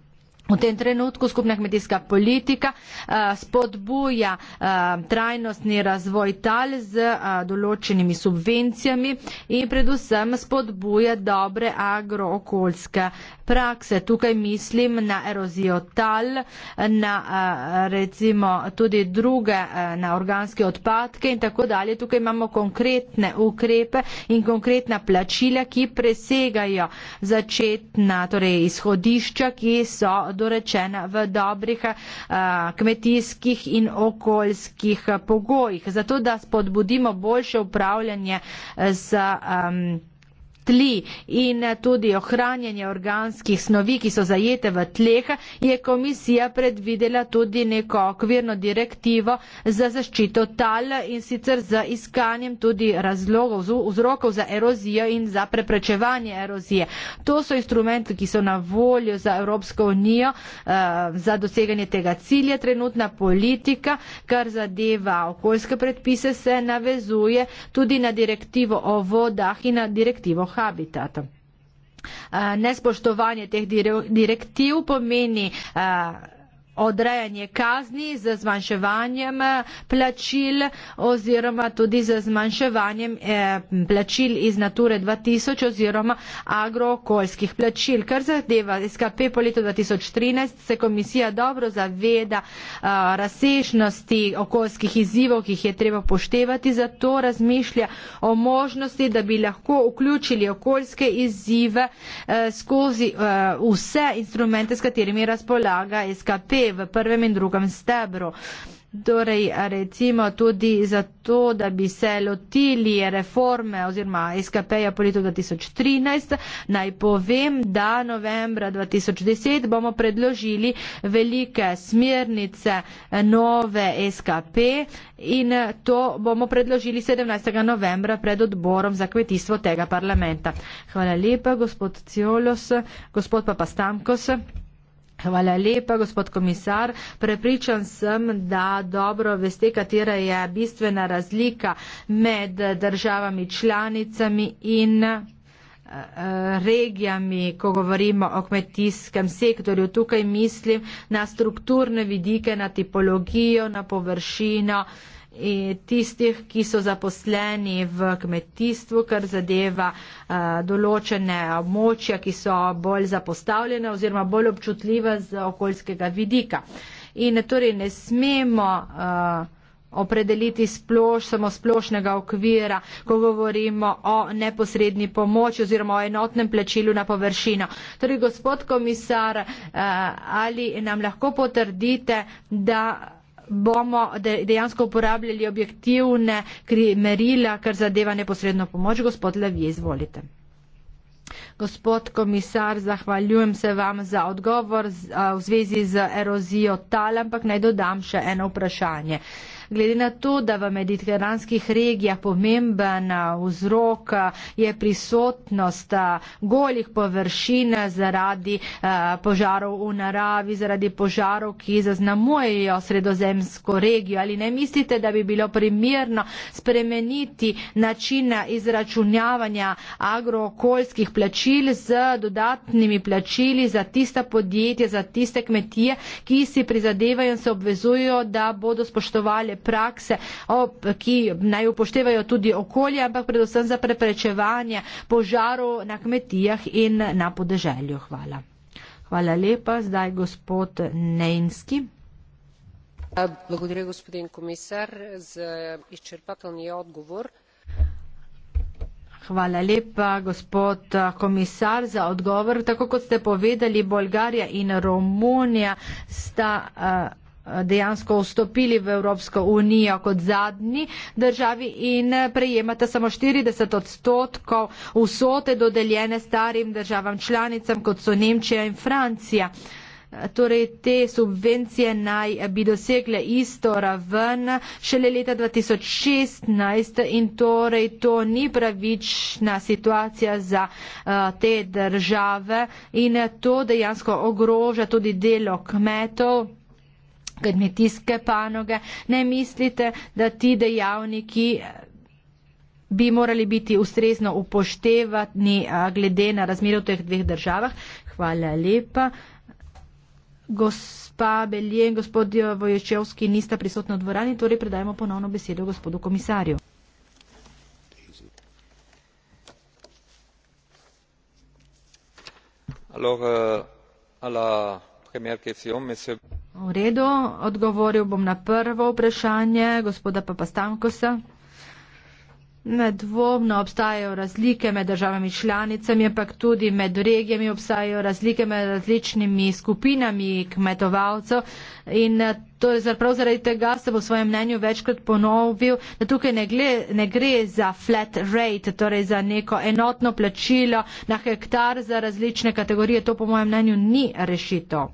V tem trenutku skupna kmetijska politika eh, spodbuja eh, trajnostni razvoj tal z eh, določenimi subvencijami in predvsem spodbuja dobre agrookoljske prakse. Tukaj mislim na erozijo tal, na recimo tudi druge, na organske odpadke in tako dalje. Tukaj imamo konkretne ukrepe in konkretna plačila, ki presegajo začetna, torej izhodišča, ki so določena dorečena v dobrih eh, kmetijskih in okoljskih pogojih, zato da spodbudimo boljše upravljanje z. Um, tli in eh, tudi ohranjanje organskih snovi, ki so zajete v tleh, je komisija predvidela tudi neko okvirno direktivo za zaščito tal in sicer za iskanjem tudi razlogov, vzrokov za erozijo in za preprečevanje erozije. To so instrumenti, ki so na voljo za Evropsko unijo eh, za doseganje tega cilja. Trenutna politika, kar zadeva okoljske predpise, se navezuje tudi na direktivo o vodah in na direktivo habitata. Eh, nespoštovanje teh direktiv pomeni eh, odrejanje kazni z zmanjševanjem eh, plačil oziroma tudi z zmanjševanjem eh, plačil iz Nature 2000 oziroma agrookoljskih plačil. Kar zadeva SKP po letu 2013, se komisija dobro zaveda eh, razsežnosti okoljskih izzivov, ki jih je treba poštevati, zato razmišlja o možnosti, da bi lahko vključili okoljske izzive skozi vse instrumente, s katerimi razpolaga SKP v prvem in drugem stebru. Torej, recimo tudi zato, da bi se lotili reforme oziroma SKP-ja po letu 2013, naj povem, da novembra 2010 bomo predložili velike smernice nove SKP in to bomo predložili 17. novembra pred odborom za kmetijstvo tega parlamenta. Hvala lepa, gospod Ciolos, gospod Papastamkos. Hvala lepa, gospod komisar. Prepričan sem, da dobro veste, katera je bistvena razlika med državami članicami in eh, eh, regijami, ko govorimo o kmetijskem sektorju. Tukaj mislim na strukturne vidike, na tipologijo, na površino, tistih, ki so zaposleni v kmetijstvu, kar zadeva eh, določene območja, ki so bolj zapostavljene oziroma bolj občutljive z okoljskega vidika. In torej ne smemo eh, opredeliti sploš, samo splošnega okvira, ko govorimo o neposredni pomoči oziroma o enotnem plačilu na površino. Torej, gospod komisar, eh, ali nam lahko potrdite, da bomo dejansko uporabljali objektivne merila, kar zadeva neposredno pomoč. Gospod Levije, izvolite. Gospod komisar, zahvaljujem se vam za odgovor v zvezi z erozijo tal, ampak naj dodam še eno vprašanje. Uh, Glede na to, da v mediteranskih regijah pomemben vzrok je prisotnost golih površin zaradi požarov v naravi, zaradi požarov, ki zaznamujejo sredozemsko regijo. Ali ne mislite, da bi bilo primerno spremeniti način izračunjavanja agrookoljskih plačil z dodatnimi plačili za tista podjetja, za tiste kmetije, ki si prizadevajo in se obvezujo, da bodo spoštovali prakse, ob, ki naj upoštevajo tudi okolje, ampak predvsem za preprečevanje požarov na kmetijah in na podeželju. Hvala. Hvala lepa. Zdaj gospod Neinski. Благодаря, господин комисар, за изчерпателния отговор. Hvala lepa, gospod komisar, za odgovor. Tako kot ste povedali, Bolgarija in Romunija sta. Uh, dejansko vstopili v Evropsko unijo kot zadnji državi in prejemata samo 40 odstotkov vsote dodeljene starim državam članicam, kot so Nemčija in Francija. Torej, te subvencije naj bi dosegle isto raven šele leta 2016 in torej to ni pravična situacija za eh, te države in to dejansko ogroža tudi delo kmetov kmetijske panoge. Ne mislite, da ti dejavniki eh, bi morali biti ustrezno upoštevani eh, glede na razmer v teh dveh državah. Hvala lepa. Gospa Belje in gospod Voječevski nista prisotni v dvorani, torej predajmo ponovno besedo gospodu komisarju. Alors, euh, à la première question, monsieur. V redu, odgovoril bom na prvo vprašanje gospoda Papa Stankosa. Nedvomno obstajajo razlike med državami članicami, ampak tudi med regijami obstajajo razlike med različnimi skupinami kmetovalcev in eh, to je zaprav zaradi tega, se bo v svojem mnenju večkrat ponovil, da tukaj ne, gle, ne gre za flat rate, torej za neko enotno plačilo na hektar za različne kategorije. To po mojem mnenju ni rešitev.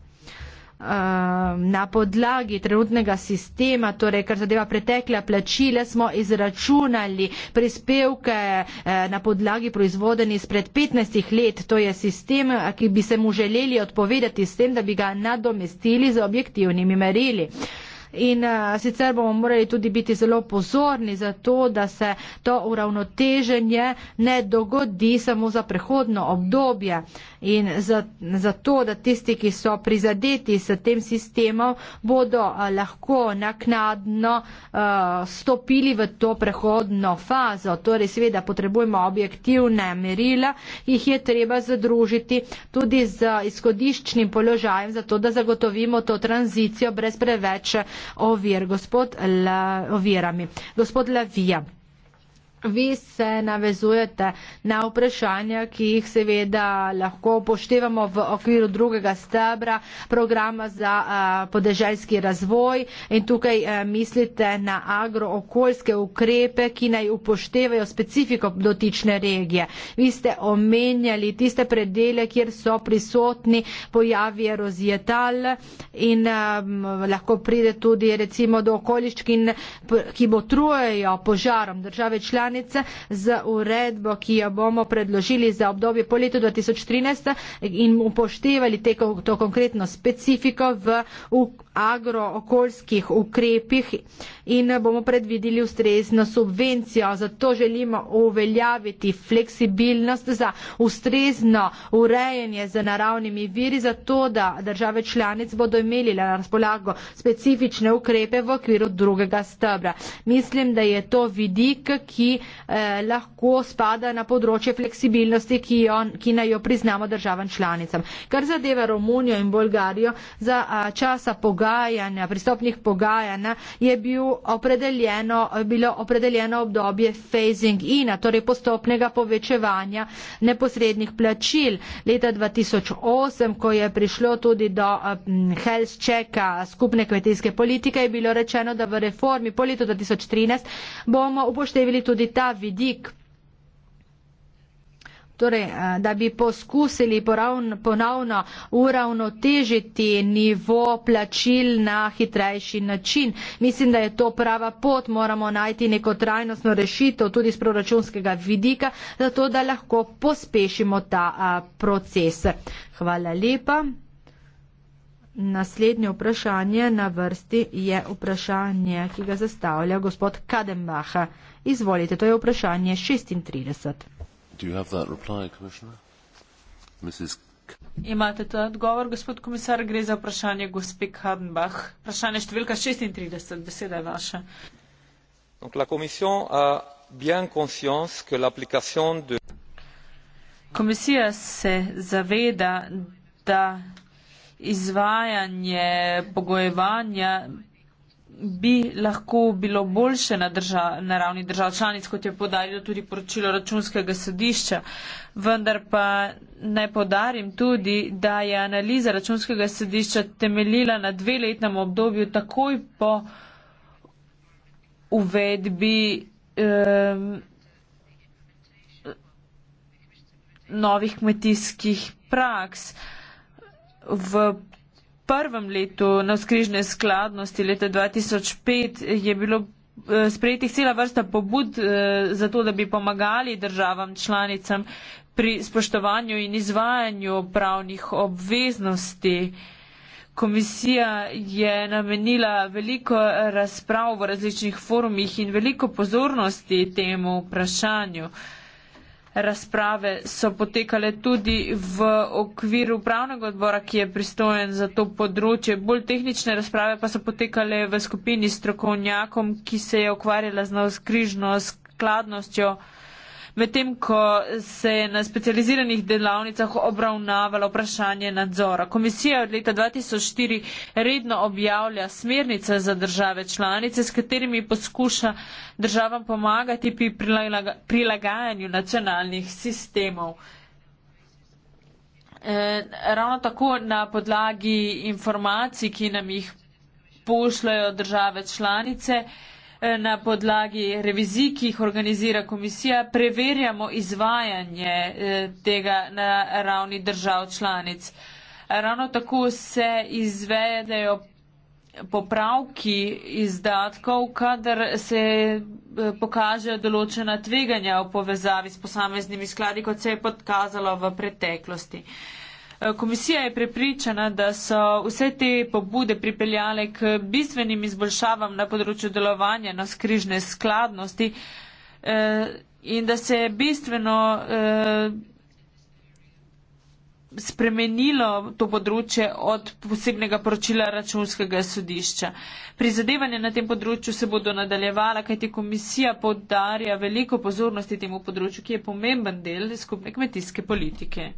Um, na podlagi trenutnega sistema, torej kar zadeva pretekle plačile, smo izračunali prispevke eh, na podlagi proizvodeni spred 15 let. To je sistem, eh, ki bi se mu želeli odpovedati s tem, da bi ga nadomestili z objektivnimi merili in uh, sicer bomo morali tudi biti zelo pozorni za to, da se to uravnoteženje ne dogodi samo za prehodno obdobje in za, za to, da tisti, ki so prizadeti s tem sistemom, bodo uh, lahko naknadno uh, stopili v to prehodno fazo. Torej, seveda, potrebujemo objektivne merila, jih je treba združiti tudi z izhodiščnim položajem, zato da zagotovimo to tranzicijo brez preveč ovir, gospod La, ovirami. Gospod Lavija, Vi se navezujete na vprašanja, ki jih seveda lahko poštevamo v okviru drugega stebra programa za podeželjski razvoj in tukaj mislite na agrookoljske ukrepe, ki naj upoštevajo specifiko dotične regije. Vi ste omenjali tiste predele, kjer so prisotni pojavi erozijetal in lahko pride tudi recimo do okoliščin, ki botrujejo požarom države članice članic z uredbo, ki jo bomo predložili za obdobje po letu 2013 in upoštevali te, to konkretno specifiko v agrookoljskih ukrepih in bomo predvideli ustrezno subvencijo. Zato želimo uveljaviti fleksibilnost za ustrezno urejanje z naravnimi viri, zato da države članic bodo imeli na razpolago specifične ukrepe v okviru drugega stebra. Mislim, da je to vidik, ki eh, lahko spada na področje fleksibilnosti, ki, jo, ki na jo priznamo državam članicam. Kar zadeva Romunijo in Bolgarijo, za a, eh, časa pogajanja pogajanja, pristopnih pogajanja, je bil opredeljeno, bilo opredeljeno obdobje phasing in, torej postopnega povečevanja neposrednih plačil. Leta 2008, ko je prišlo tudi do health checka skupne kmetijske politike, je bilo rečeno, da v reformi po letu 2013 bomo upoštevili tudi ta vidik torej, eh, da bi poskusili ponovno uravnotežiti nivo plačil na hitrejši način. Mislim, da je to prava pot, moramo najti neko trajnostno rešitev tudi z proračunskega vidika, zato da lahko pospešimo ta eh, proces. Hvala lepa. Naslednje vprašanje na vrsti je vprašanje, ki ga zastavlja gospod Kadenbach. Izvolite, to je vprašanje 36. Imate ta odgovor, gospod komisar? Gre za vprašanje gospe Kadenbach. Vprašanje številka 36, beseda je vaša. Donc la commission a bien conscience que l'application de Komisija se zaveda, da izvajanje pogojevanja bi lahko bilo boljše na, drža, na ravni držav članic, kot je podarilo tudi poročilo računskega sodišča. Vendar pa naj podarim tudi, da je analiza računskega sodišča temeljila na dveletnem obdobju takoj po uvedbi eh, novih kmetijskih praks v prvem letu navskrižne skladnosti leta 2005 je bilo eh, sprejetih cela vrsta pobud eh, za to, da bi pomagali državam članicam pri spoštovanju in izvajanju pravnih obveznosti. Komisija je namenila veliko razprav v različnih forumih in veliko pozornosti temu vprašanju razprave so potekale tudi v okviru pravnega odbora, ki je pristojen za to področje. Bolj tehnične razprave pa so potekale v skupini s strokovnjakom, ki se je ukvarjala z navzkrižno skladnostjo medtem ko se je na specializiranih delavnicah obravnavalo vprašanje nadzora. Komisija od leta 2004 redno objavlja smernice za države članice, s katerimi poskuša državam pomagati pri prilaga prilagajanju nacionalnih sistemov. E, ravno tako na podlagi informacij, ki nam jih pošljajo države članice, Eh, na podlagi revizij, ki jih organizira komisija, preverjamo izvajanje eh, tega na ravni držav članic. Ravno tako se izvedejo popravki izdatkov, kadar se eh, pokažejo določena tveganja v povezavi s posameznimi skladi, kot se je podkazalo v preteklosti. Uh, Komisija je prepričana, da so vse te pobude pripeljale k bistvenim izboljšavam na področju delovanja na skrižne skladnosti eh, in da se je bistveno eh, spremenilo to področje od posebnega poročila računskega sodišča. Prizadevanje na tem področju se bodo nadaljevala, kajti komisija podarja veliko pozornosti temu področju, ki je pomemben del skupne kmetijske politike.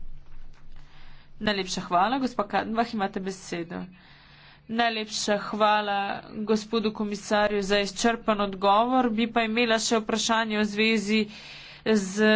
Najlepša hvala, gospod Kadnvah, imate besedo. Najlepša hvala gospodu komisarju za izčrpan odgovor. Bi pa imela še vprašanje v zvezi z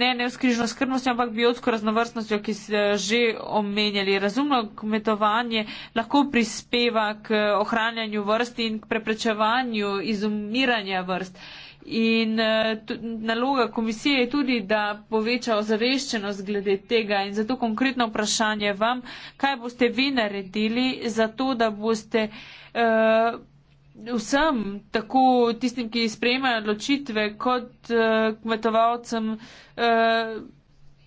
ne neuskrižno skrbnostjo, ampak biotsko raznovrstnostjo, ki ste že omenjali. Razumno kmetovanje lahko prispeva k ohranjanju vrst in k preprečevanju izumiranja vrst. Uh, In eh, naloga komisije je tudi, da poveča ozaveščenost glede tega. In zato konkretno vprašanje vam, kaj boste vi naredili za to, da boste uh, vsem, tako tistim, ki sprejemajo odločitve, kot uh, kmetovalcem, uh,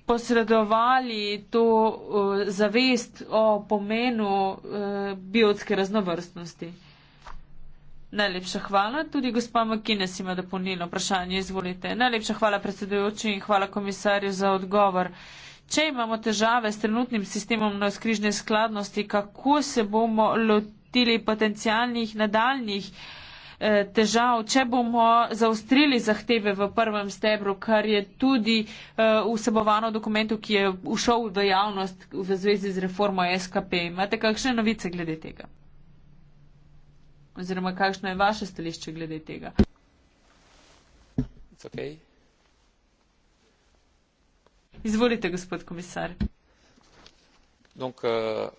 posredovali to uh, zavest o pomenu uh, biotske raznovrstnosti. Uh, Najlepša hvala. Tudi gospa Makines ima dopolnilno vprašanje. Izvolite. Najlepša hvala predsedujoči in hvala komisarju za odgovor. Če imamo težave s trenutnim sistemom na skrižne skladnosti, kako se bomo lotili potencijalnih nadaljnih eh, težav, če bomo zaustrili zahteve v prvem stebru, kar je tudi eh, vsebovano v dokumentu, ki je ušel v dejavnost v zvezi z reformo SKP. Imate kakšne novice glede tega? Oziroma, kakšno je vaše stališče glede tega? Okay. Izvolite, gospod komisar. Donc, euh,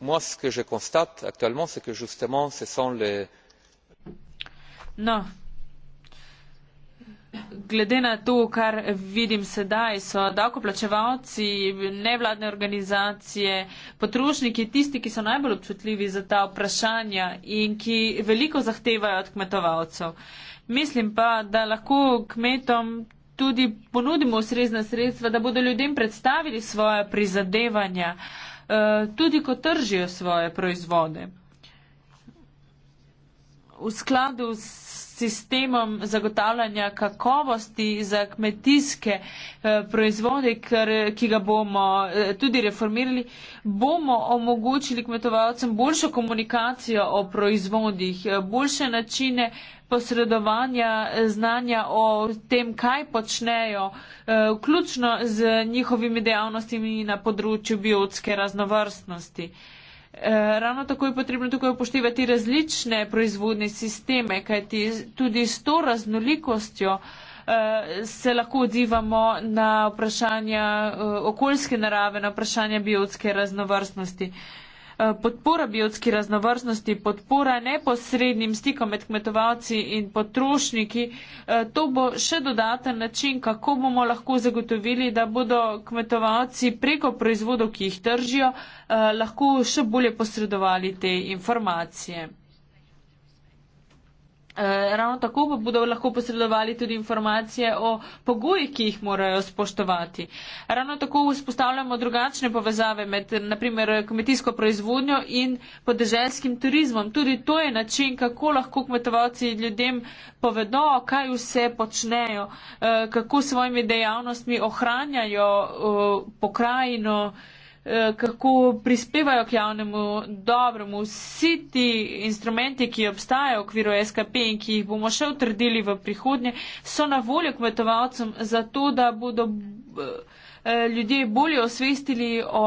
moi, ce que je constate actuellement, c'est que justement, ce sont les. Non, Glede na to, kar vidim sedaj, so davkoplačevalci, nevladne organizacije, potrošniki tisti, ki so najbolj občutljivi za ta vprašanja in ki veliko zahtevajo od kmetovalcev. Mislim pa, da lahko kmetom tudi ponudimo ustrezna sredstva, da bodo ljudem predstavili svoje prizadevanja, eh, tudi ko tržijo svoje proizvode. V skladu s sistemom zagotavljanja kakovosti za kmetijske eh, proizvode, kar, ki ga bomo eh, tudi reformirali, bomo omogočili kmetovalcem boljšo komunikacijo o proizvodih, eh, boljše načine posredovanja znanja o tem, kaj počnejo, vključno z njihovimi dejavnostimi na področju biotske raznovrstnosti. Eh, ravno tako je potrebno tukaj upoštevati različne proizvodne sisteme, kajti tudi s to raznolikostjo eh, se lahko odzivamo na vprašanja eh, okoljske narave, na vprašanja biotske raznovrstnosti. Eh, podpora biotski raznovrstnosti, podpora neposrednim stikom med kmetovalci in potrošniki, eh, to bo še dodaten način, kako bomo lahko zagotovili, da bodo kmetovalci preko proizvodov, ki jih tržijo, eh, lahko še bolje posredovali te informacije. Eh, ravno tako pa bodo lahko posredovali tudi informacije o pogojih, ki jih morajo spoštovati. Ravno tako vzpostavljamo drugačne povezave med naprimer kmetijsko proizvodnjo in podeželskim turizmom. Tudi to je način, kako lahko kmetovalci ljudem povedo, kaj vse počnejo, eh, kako svojimi dejavnostmi ohranjajo eh, pokrajino. Eh, kako prispevajo k javnemu dobremu vsi ti instrumenti, ki obstajajo v okviru SKP in ki jih bomo še utrdili v prihodnje, so na voljo kmetovalcem za to, da bodo eh, ljudje bolje osvestili o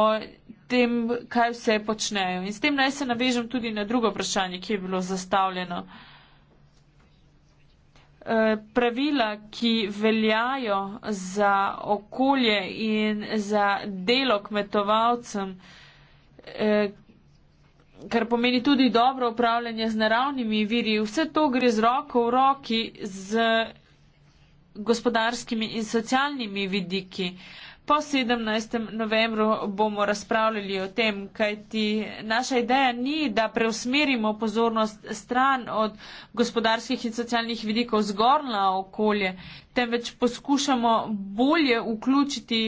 tem, kaj vse počnejo. In s tem naj se navežem tudi na drugo vprašanje, ki je bilo zastavljeno. Uh, Eh, pravila, ki veljajo za okolje in za delo kmetovalcem, eh, kar pomeni tudi dobro upravljanje z naravnimi viri, vse to gre z roko v roki z gospodarskimi in socialnimi vidiki. Uh, po 17. novembru bomo razpravljali o tem, kajti naša ideja ni, da preusmerimo pozornost stran od gospodarskih in socialnih vidikov zgor na okolje, temveč poskušamo bolje vključiti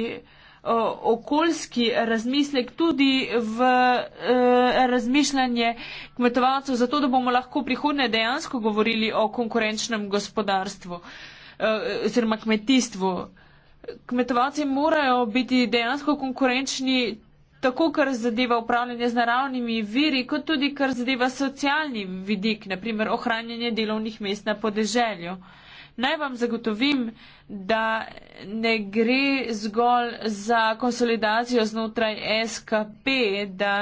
okoljski razmislek tudi v eh, razmišljanje kmetovalcev, zato da bomo lahko prihodne dejansko govorili o konkurenčnem gospodarstvu eh, oziroma kmetijstvu kmetovalci morajo biti dejansko konkurenčni tako, kar zadeva upravljanje z naravnimi viri, kot tudi, kar zadeva socialni vidik, naprimer ohranjanje delovnih mest na podeželju. Naj vam zagotovim, da ne gre zgolj za konsolidacijo znotraj SKP, da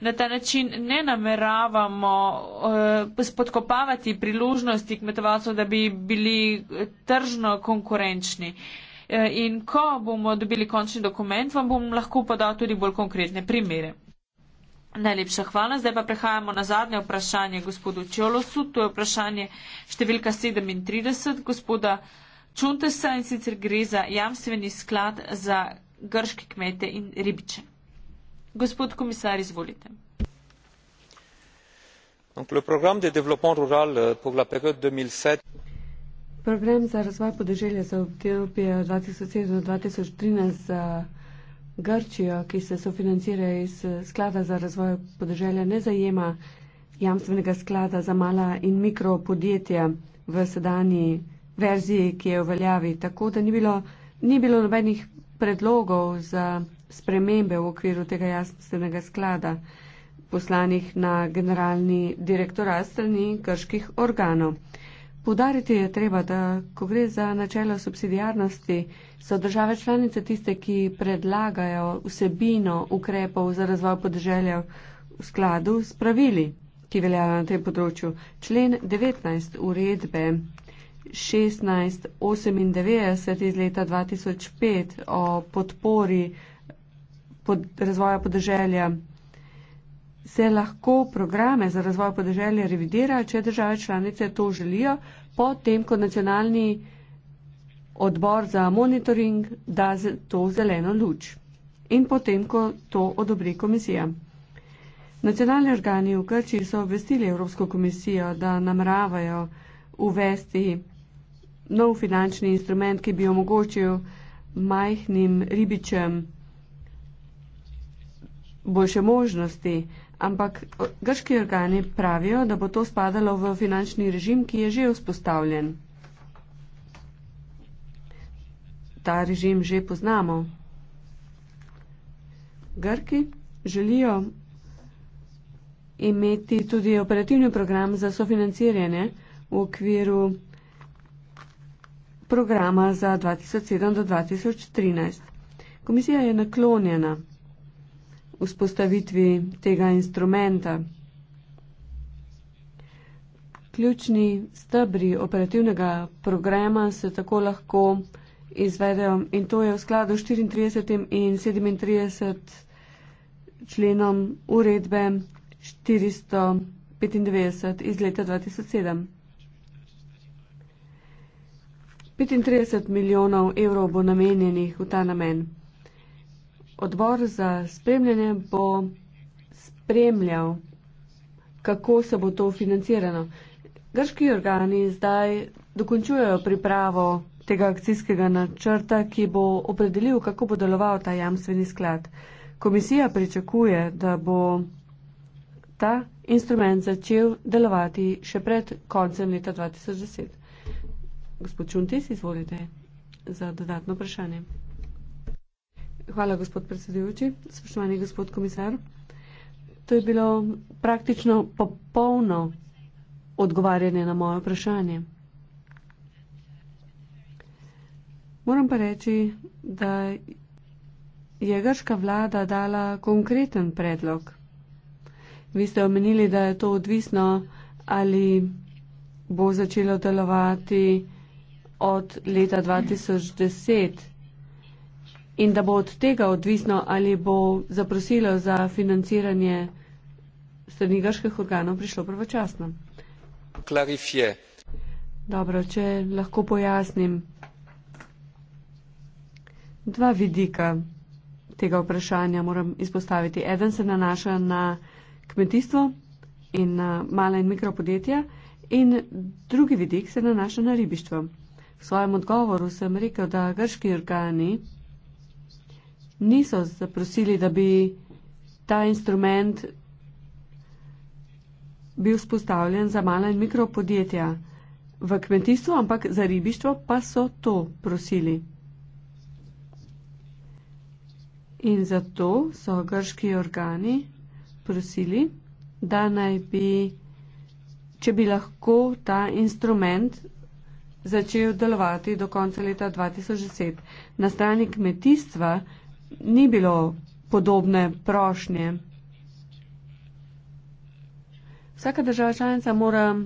na ta način ne nameravamo uh, spodkopavati priložnosti kmetovalcev, da bi bili tržno konkurenčni. Uh, Eh, in ko bomo dobili končni dokument, vam bom lahko podal tudi bolj konkretne primere. Najlepša hvala. Zdaj pa prehajamo na zadnje vprašanje gospodu Čolosu. To je vprašanje številka 37 gospoda Čuntesa in sicer gre za jamstveni sklad za grške kmete in ribiče. Gospod komisar, izvolite. Donc le programme de développement rural euh, pour la période 2007 Program za razvoj podeželja za obdobje 2007-2013 za Grčijo, ki se sofinancira iz sklada za razvoj podeželja, ne zajema jamstvenega sklada za mala in mikro podjetja v sedanji verziji, ki je v veljavi. Tako da ni bilo, ni bilo nobenih predlogov za spremembe v okviru tega jamstvenega sklada poslanih na generalni direktorat strani grških organov. Podariti je treba, da ko gre za načelo subsidijarnosti, so države članice tiste, ki predlagajo vsebino ukrepov za razvoj podeželja v skladu s pravili, ki veljajo na tem področju. Člen 19 uredbe 1698 iz leta 2005 o podpori pod razvoja podeželja se lahko programe za razvoj podeželja revidira, če države članice to želijo, potem, ko nacionalni odbor za monitoring da to zeleno luč in potem, ko to odobri komisija. Nacionalni organi v Grčiji so obvestili Evropsko komisijo, da namravajo uvesti nov finančni instrument, ki bi omogočil majhnim ribičem boljše možnosti ampak grški organi pravijo, da bo to spadalo v finančni režim, ki je že vzpostavljen. Ta režim že poznamo. Grki želijo imeti tudi operativni program za sofinanciranje v okviru programa za 2007 do 2013. Komisija je naklonjena vzpostavitvi tega instrumenta. Ključni stebri operativnega programa se tako lahko izvedejo in to je v skladu s 34 in 37 členom uredbe 495 iz leta 2007. 35 milijonov evrov bo namenjenih v ta namen odbor za spremljanje bo spremljal, kako se bo to financirano. Grški organi zdaj dokončujejo pripravo tega akcijskega načrta, ki bo opredelil, kako bo deloval ta jamstveni sklad. Komisija pričakuje, da bo ta instrument začel delovati še pred koncem leta 2010. Gospod Čuntis, izvolite za dodatno vprašanje. Hvala, gospod predsedujoči. Spoštovani gospod komisar, to je bilo praktično popolno odgovarjanje na moje vprašanje. Moram pa reči, da je grška vlada dala konkreten predlog. Vi ste omenili, da je to odvisno, ali bo začelo delovati od leta 2010 in da bo od tega odvisno, ali bo zaprosilo za financiranje strani grških organov prišlo pravočasno. Klarifije. Dobro, če lahko pojasnim. Dva vidika tega vprašanja moram izpostaviti. Eden se nanaša na kmetijstvo in na mala in mikropodjetja in drugi vidik se nanaša na ribištvo. V svojem odgovoru sem rekel, da grški organi niso zaprosili, da bi ta instrument bil spostavljen za mala in mikropodjetja v kmetijstvu, ampak za ribištvo pa so to prosili. In zato so grški organi prosili, da naj bi, če bi lahko ta instrument začel delovati do konca leta 2010. Na strani kmetijstva ni bilo podobne prošnje. Vsaka država članica mora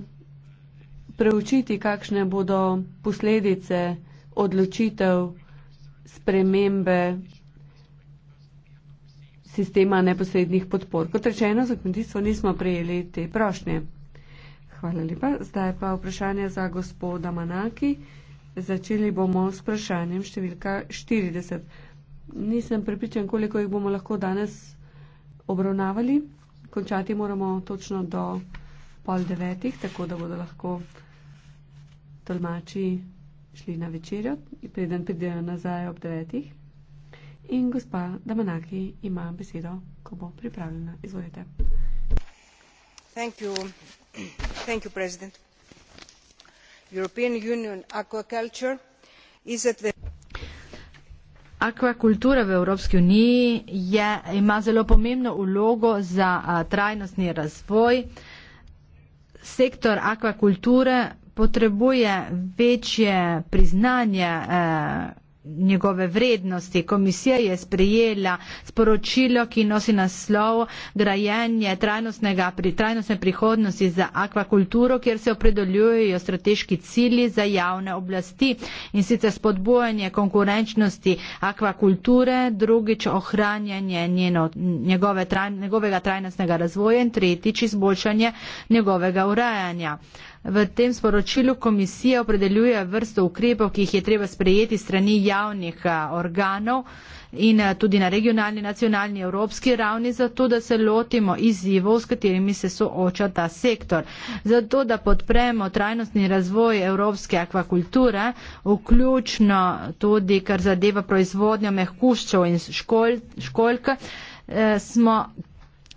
preučiti, kakšne bodo posledice odločitev spremembe sistema neposrednih podpor. Kot rečeno, za kmetijstvo nismo prejeli te prošnje. Hvala lepa. Zdaj pa vprašanje za gospoda Manaki. Začeli bomo s vprašanjem številka 40. Nisem pripričan, koliko jih bomo lahko danes obravnavali. Končati moramo točno do pol devetih, tako da bodo lahko tolmači šli na večerjo, preden pridejo nazaj ob devetih. In gospa Damanaki ima besedo, ko bo pripravljena. Izvolite. Thank you. Thank you, President. European Union Aquaculture is at the... Akvakultura v Evropski uniji je, ima zelo pomembno ulogo za a, trajnostni razvoj. Sektor akvakulture potrebuje večje priznanje. A, e, njegove vrednosti. Komisija je sprejela sporočilo, ki nosi naslov grajenje trajnostnega pri trajnostne prihodnosti za akvakulturo, kjer se opredeljujejo strateški cilji za javne oblasti in sicer spodbojanje konkurenčnosti akvakulture, drugič ohranjanje njeno, njegove, traj, njegovega trajnostnega razvoja in tretjič izboljšanje njegovega urejanja. V tem sporočilu komisija opredeljuje vrsto ukrepov, ki jih je treba sprejeti strani javnih organov in tudi na regionalni, nacionalni, evropski ravni, zato da se lotimo izzivov, s katerimi se sooča ta sektor. Zato da podpremo trajnostni razvoj evropske akvakulture, vključno tudi kar zadeva proizvodnjo mehkuščev in školjka, e, smo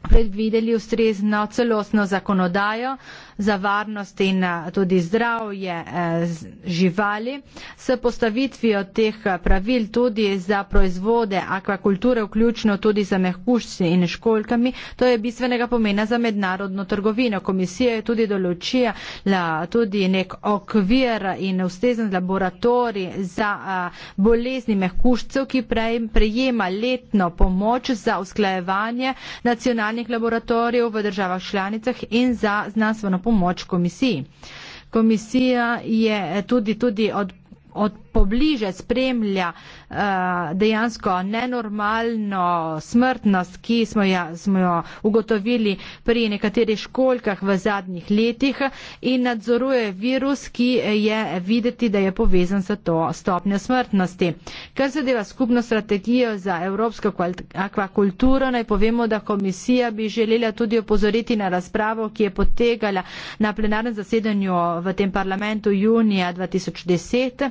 predvideli ustrezno celostno zakonodajo za varnost in eh, tudi zdravje eh, živali, s postavitvijo teh eh, pravil tudi za proizvode akvakulture, vključno tudi za mehkušci in školkami, to je bistvenega pomena za mednarodno trgovino. Komisija je tudi določila tudi nek okvir in ustrezen laboratorij za bolezni mehkuščcev, ki prejema letno pomoč za usklajevanje nacionalnih nacionalnih laboratorijev v državah članicah in za znanstveno pomoč komisiji. Komisija je tudi, tudi od, od pobliže spremlja eh, dejansko nenormalno smrtnost, ki smo jo, smo jo ugotovili pri nekaterih školjkah v zadnjih letih in nadzoruje virus, ki je videti, da je povezan s to stopnjo smrtnosti. Kar zadeva skupno strategijo za evropsko akvakulturo, naj povemo, da komisija bi želela tudi opozoriti na razpravo, ki je potegala na plenarnem zasedanju v tem parlamentu junija 2010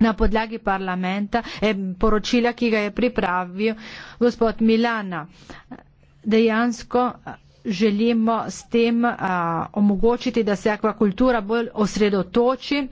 na podlagi parlamenta in e, poročila, ki ga je pripravil gospod Milana. Dejansko želimo s tem a, omogočiti, da se akvakultura bolj osredotoči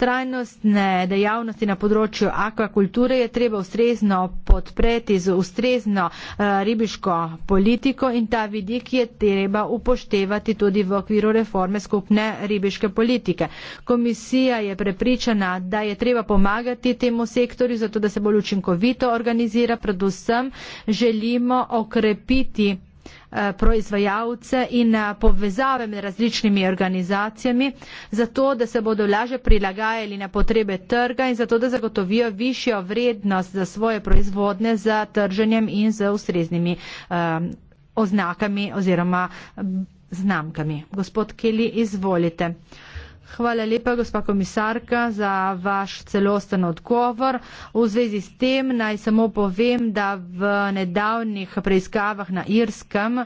Trajnostne dejavnosti na področju akvakulture je treba ustrezno podpreti z ustrezno eh, ribiško politiko in ta vidik je treba upoštevati tudi v okviru reforme skupne ribiške politike. Komisija je prepričana, da je treba pomagati temu sektorju, zato da se bolj učinkovito organizira. Predvsem želimo okrepiti Eh, proizvajalce in eh, povezave med različnimi organizacijami, zato da se bodo lažje prilagajali na potrebe trga in zato da zagotovijo višjo vrednost za svoje proizvodne z trženjem in z ustreznimi eh, oznakami oziroma znamkami. Gospod Kelly, izvolite. Hvala lepa, gospa komisarka, za vaš celosten odgovor. V zvezi s tem naj samo povem, da v nedavnih preiskavah na Irskem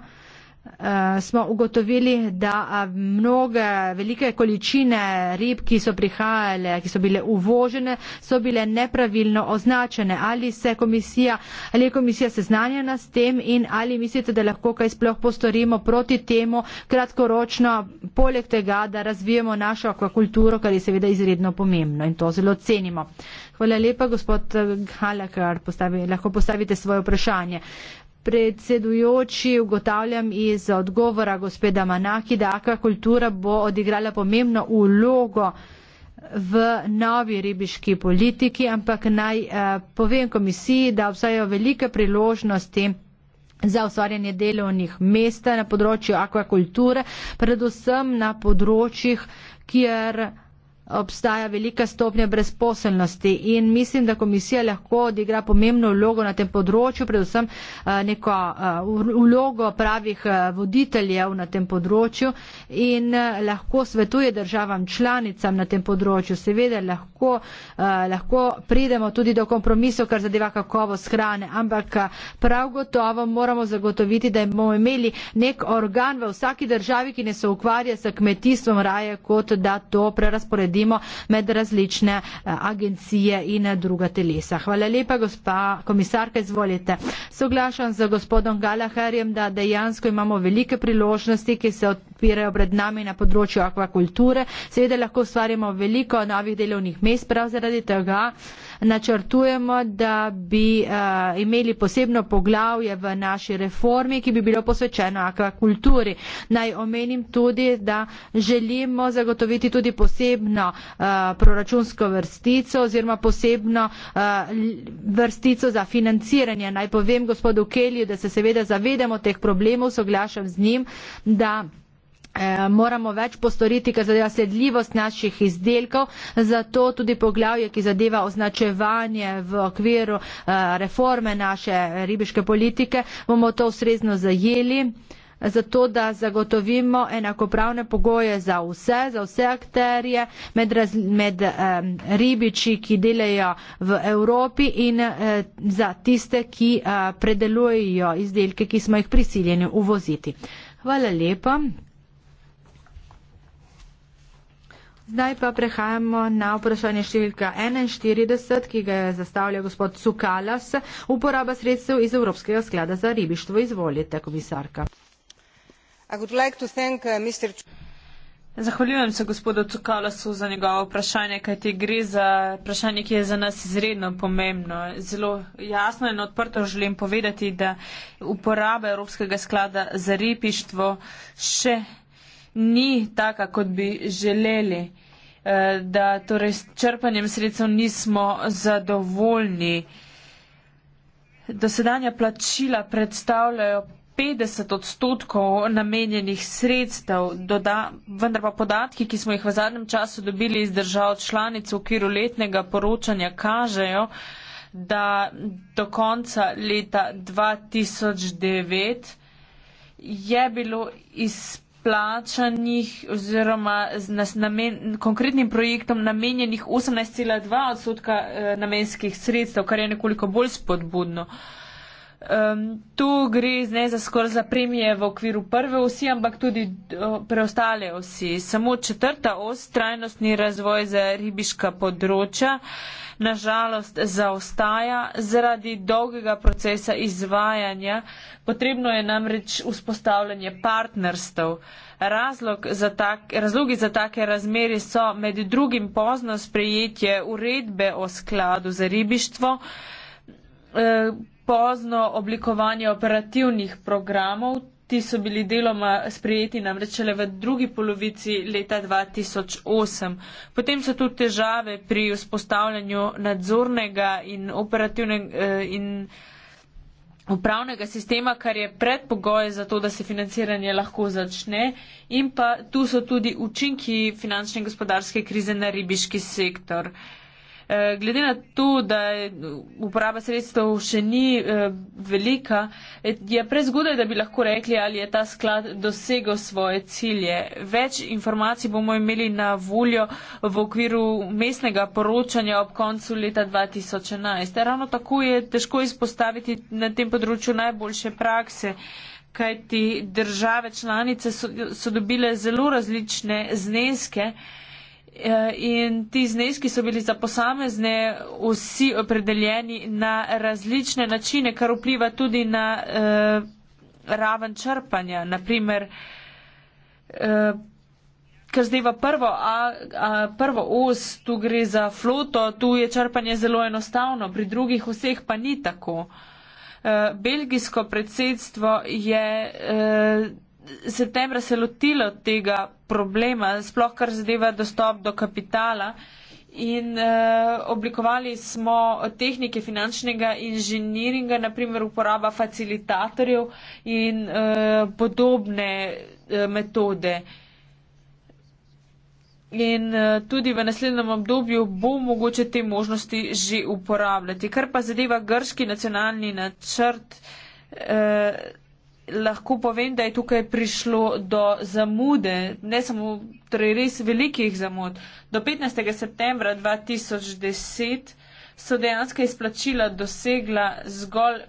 Uh, smo ugotovili, da eh, mnoge velike količine rib, ki so prihajale, ki so bile uvožene, so bile nepravilno označene. Ali, se komisija, ali je komisija seznanjena s tem in ali mislite, da lahko kaj sploh postorimo proti temu kratkoročno, poleg tega, da razvijemo našo akvakulturo, kar je seveda izredno pomembno in to zelo cenimo. Hvala lepa, gospod eh, Halakar, postavi, lahko postavite svoje vprašanje. Uh, Predsedujoči, ugotavljam iz odgovora gospeda Manaki, da akvakultura bo odigrala pomembno ulogo v novi ribiški politiki, ampak naj eh, povem komisiji, da obstajajo velike priložnosti za ustvarjanje delovnih mest na področju akvakulture, predvsem na področjih, kjer obstaja velika stopnja brezposelnosti in mislim, da komisija lahko odigra pomembno vlogo na tem področju, predvsem eh, neko eh, vlogo pravih eh, voditeljev na tem področju in lahko svetuje državam članicam na tem področju. Seveda lahko, lahko pridemo tudi do kompromisov, kar zadeva kakovost hrane, ampak prav gotovo moramo zagotoviti, da bomo imeli nek organ v vsaki državi, ki ne se ukvarja s kmetijstvom raje, kot da to prerasporedimo naredimo med različne eh, agencije in eh, druga telesa. Hvala lepa, gospa komisarka, izvolite. Soglašam z gospodom Galaharjem, da dejansko imamo velike priložnosti, ki se odpirajo pred nami na področju akvakulture. Seveda lahko ustvarjamo veliko novih delovnih mest prav zaradi tega načrtujemo, da bi uh, imeli posebno poglavje v naši reformi, ki bi bilo posvečeno akvakulturi. Naj omenim tudi, da želimo zagotoviti tudi posebno uh, proračunsko vrstico oziroma posebno uh, vrstico za financiranje. Naj povem gospodu Kelju, da se seveda zavedamo teh problemov, soglašam z njim, da Eh, moramo več postoriti, kar zadeva sledljivost naših izdelkov, zato tudi poglavje, ki zadeva označevanje v okviru eh, reforme naše ribiške politike, bomo to ustrezno zajeli. Zato, da zagotovimo enakopravne pogoje za vse, za vse akterje, med, raz, med um, ribiči, ki delajo v Evropi in um, za tiste, ki uh, predelujejo izdelke, ki smo jih prisiljeni uvoziti. Hvala lepa. Zdaj pa prehajamo na vprašanje številka 41, ki ga je zastavljal gospod Cukalas, uporaba sredstev iz Evropskega sklada za ribištvo. Izvolite, komisarka. Uh, Zahvaljujem se gospodu Cukalasu za njegovo vprašanje, kajti gre za vprašanje, ki je za nas izredno pomembno. Zelo jasno in odprto želim povedati, da uporaba Evropskega sklada za ribištvo še ni taka, kot bi želeli. Eh, da torej s črpanjem sredstev nismo zadovoljni. Dosedanja plačila predstavljajo 50 odstotkov namenjenih sredstev, doda, vendar pa podatki, ki smo jih v zadnjem času dobili iz držav članic v okviru letnega poročanja, kažejo, da do konca leta 2009 je bilo iz plačanih oziroma z nas namen, konkretnim projektom namenjenih 18,2 odstotka eh, namenskih sredstev, kar je nekoliko bolj spodbudno. Um, tu gre ne za skoraj za premije v okviru prve osi, ampak tudi preostale osi. Samo četrta os, trajnostni razvoj za ribiška področja. Uh, na žalost zaostaja zaradi dolgega procesa izvajanja, potrebno je namreč vzpostavljanje partnerstv. Razlog za tak, razlogi za take razmeri so med drugim pozno sprejetje uredbe o skladu za ribištvo, eh, pozno oblikovanje operativnih programov Ti so bili deloma sprejeti namreč le v drugi polovici leta 2008. Potem so tu težave pri vzpostavljanju nadzornega in operativnega eh, in upravnega sistema, kar je predpogoj za to, da se financiranje lahko začne. In pa tu so tudi učinki finančne in gospodarske krize na ribiški sektor. Eh, Eh, glede na to, da uporaba sredstev še ni eh, velika, eh, je prezgodaj, da bi lahko rekli, ali je ta sklad dosegel svoje cilje. Več informacij bomo imeli na voljo v okviru mestnega poročanja ob koncu leta 2011. Ravno tako je težko izpostaviti na tem področju najboljše prakse kajti države članice so, so dobile zelo različne zneske, eh, Eh, in ti zneski so bili za posamezne vsi opredeljeni na različne načine, kar vpliva tudi na uh, raven črpanja. Naprimer, uh, eh, kar zdaj v prvo, a, a, prvo os, tu gre za floto, tu je črpanje zelo enostavno, pri drugih vseh pa ni tako. Uh, belgijsko predsedstvo je. Uh, septembra se lotilo tega problema, sploh kar zadeva dostop do kapitala. In uh, oblikovali smo tehnike finančnega inženiringa, naprimer uporaba facilitatorjev in uh, podobne uh, metode. In uh, tudi v naslednjem obdobju bo mogoče te možnosti že uporabljati. Kar pa zadeva grški nacionalni načrt. Uh, lahko povem, da je tukaj prišlo do zamude, ne samo torej res velikih zamud. Do 15. septembra 2010 so dejansko izplačila dosegla zgolj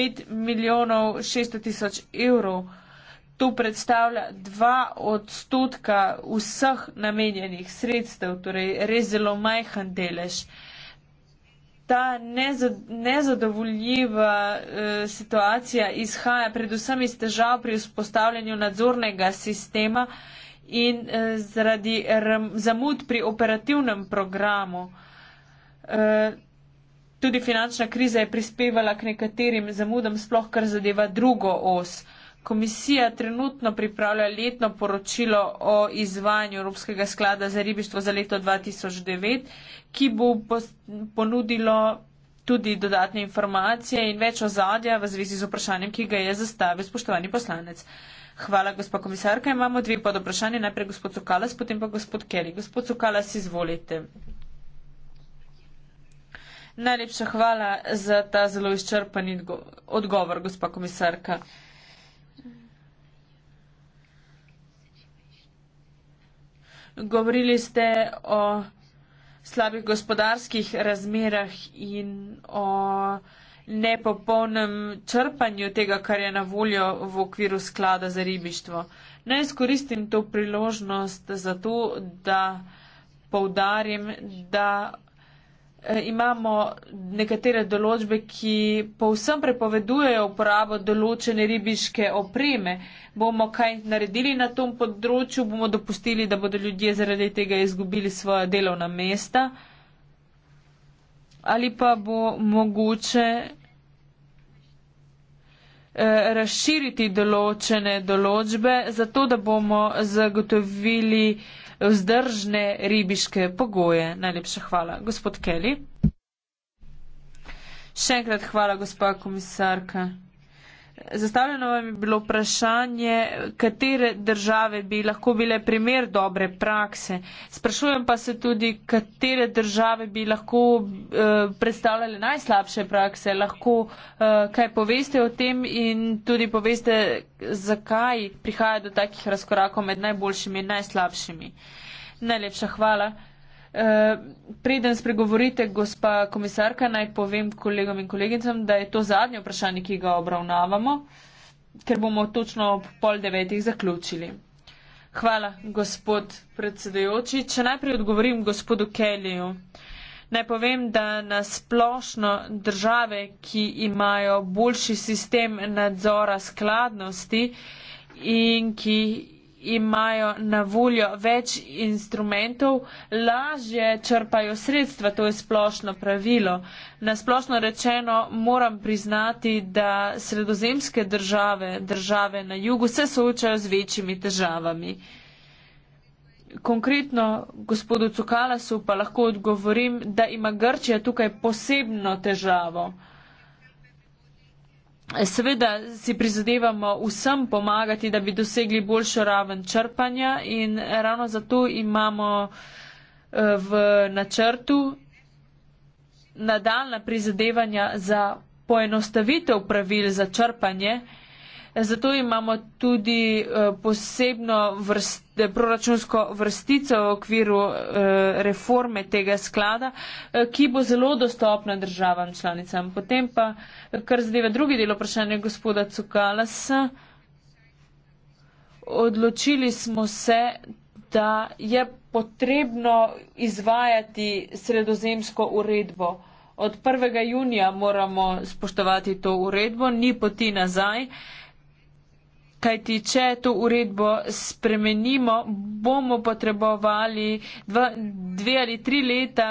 5 milijonov 600 tisoč evrov. To predstavlja dva odstotka vseh namenjenih sredstev, torej res zelo majhen delež ta nezadovoljiva e, situacija izhaja predvsem iz težav pri vzpostavljanju nadzornega sistema in e, zaradi zamud pri operativnem programu. E, tudi finančna kriza je prispevala k nekaterim zamudam, sploh kar zadeva drugo os. Komisija trenutno pripravlja letno poročilo o izvajanju Evropskega sklada za ribištvo za leto 2009, ki bo ponudilo tudi dodatne informacije in več ozadja v zvezi z vprašanjem, ki ga je zastavil spoštovani poslanec. Hvala, gospa komisarka. Imamo dve pod vprašanje. Najprej gospod Cukalas, potem pa gospod Kelly. Gospod Cukalas, izvolite. Najlepša hvala za ta zelo izčrpan odgovor, gospa komisarka. Uh, Govorili ste o slabih gospodarskih razmerah in o nepopolnem črpanju tega, kar je na voljo v okviru sklada za ribištvo. Naj izkoristim to priložnost zato, da povdarim, da Eh, imamo nekatere določbe, ki povsem prepovedujejo uporabo določene ribiške opreme. Bomo kaj naredili na tom področju, bomo dopustili, da bodo ljudje zaradi tega izgubili svoje delovna mesta ali pa bo mogoče eh, razširiti določene določbe, zato da bomo zagotovili eh, vzdržne ribiške pogoje. Najlepša hvala, gospod Kelly. Še enkrat hvala, gospa komisarka. Zastavljeno vam je bilo vprašanje, katere države bi lahko bile primer dobre prakse. Sprašujem pa se tudi, katere države bi lahko eh, predstavljale najslabše prakse. Lahko eh, kaj poveste o tem in tudi poveste, zakaj prihaja do takih razkorakov med najboljšimi in najslabšimi. Najlepša hvala. Eh, preden spregovorite, gospa komisarka, naj povem kolegom in kolegicam, da je to zadnje vprašanje, ki ga obravnavamo, ker bomo točno ob pol devetih zaključili. Hvala, gospod predsedajoči. Če najprej odgovorim gospodu Kellyju, naj povem, da nasplošno države, ki imajo boljši sistem nadzora skladnosti in ki imajo na voljo več instrumentov, lažje črpajo sredstva. To je splošno pravilo. Na splošno rečeno moram priznati, da sredozemske države, države na jugu, se soočajo z večjimi težavami. Konkretno gospodu Cukalasu pa lahko odgovorim, da ima Grčija tukaj posebno težavo. Seveda si prizadevamo vsem pomagati, da bi dosegli boljšo raven črpanja in ravno zato imamo eh, v načrtu nadaljna prizadevanja za poenostavitev pravil za črpanje. Zato imamo tudi eh, posebno vrst, proračunsko vrstico v okviru eh, reforme tega sklada, eh, ki bo zelo dostopna državam članicam. Potem pa, kar zadeva drugi del vprašanja gospoda Cukalas, odločili smo se, da je potrebno izvajati sredozemsko uredbo. Od 1. junija moramo spoštovati to uredbo, ni poti nazaj. Uh, Kajti, če to uredbo spremenimo, bomo potrebovali dva, dve ali tri leta,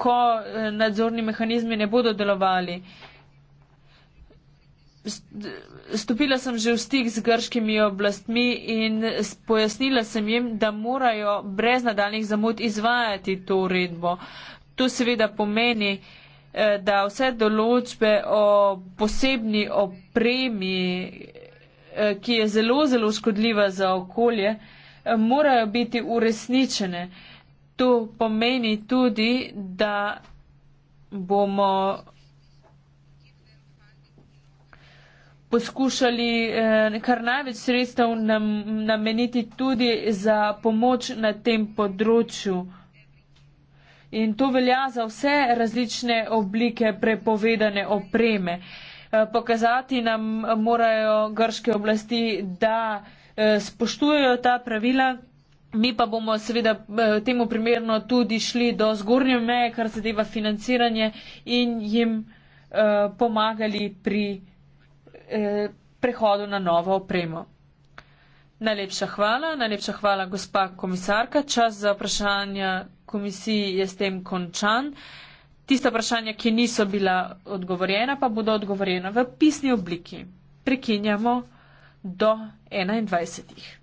ko eh, nadzorni mehanizmi ne bodo delovali. Stopila sem že v stik z grškimi oblastmi in pojasnila sem jim, da morajo brez nadaljnih zamud izvajati to uredbo. To seveda pomeni, eh, da vse določbe o posebni opremi, Eh, ki je zelo, zelo škodljiva za okolje, eh, morajo biti uresničene. To pomeni tudi, da bomo poskušali eh, kar največ sredstev nam, nameniti tudi za pomoč na tem področju. In to velja za vse različne oblike prepovedane opreme. Uh, Eh, pokazati nam morajo grške oblasti, da eh, spoštujejo ta pravila. Mi pa bomo seveda eh, temu primerno tudi šli do zgornje meje, kar zadeva financiranje in jim pomagali pri prehodu na novo opremo. Najlepša hvala, najlepša hvala, gospa komisarka. Čas za vprašanja komisiji je s tem končan. Tista vprašanja, ki niso bila odgovorjena, pa bodo odgovorjena v pisni obliki. Prekinjamo do 21.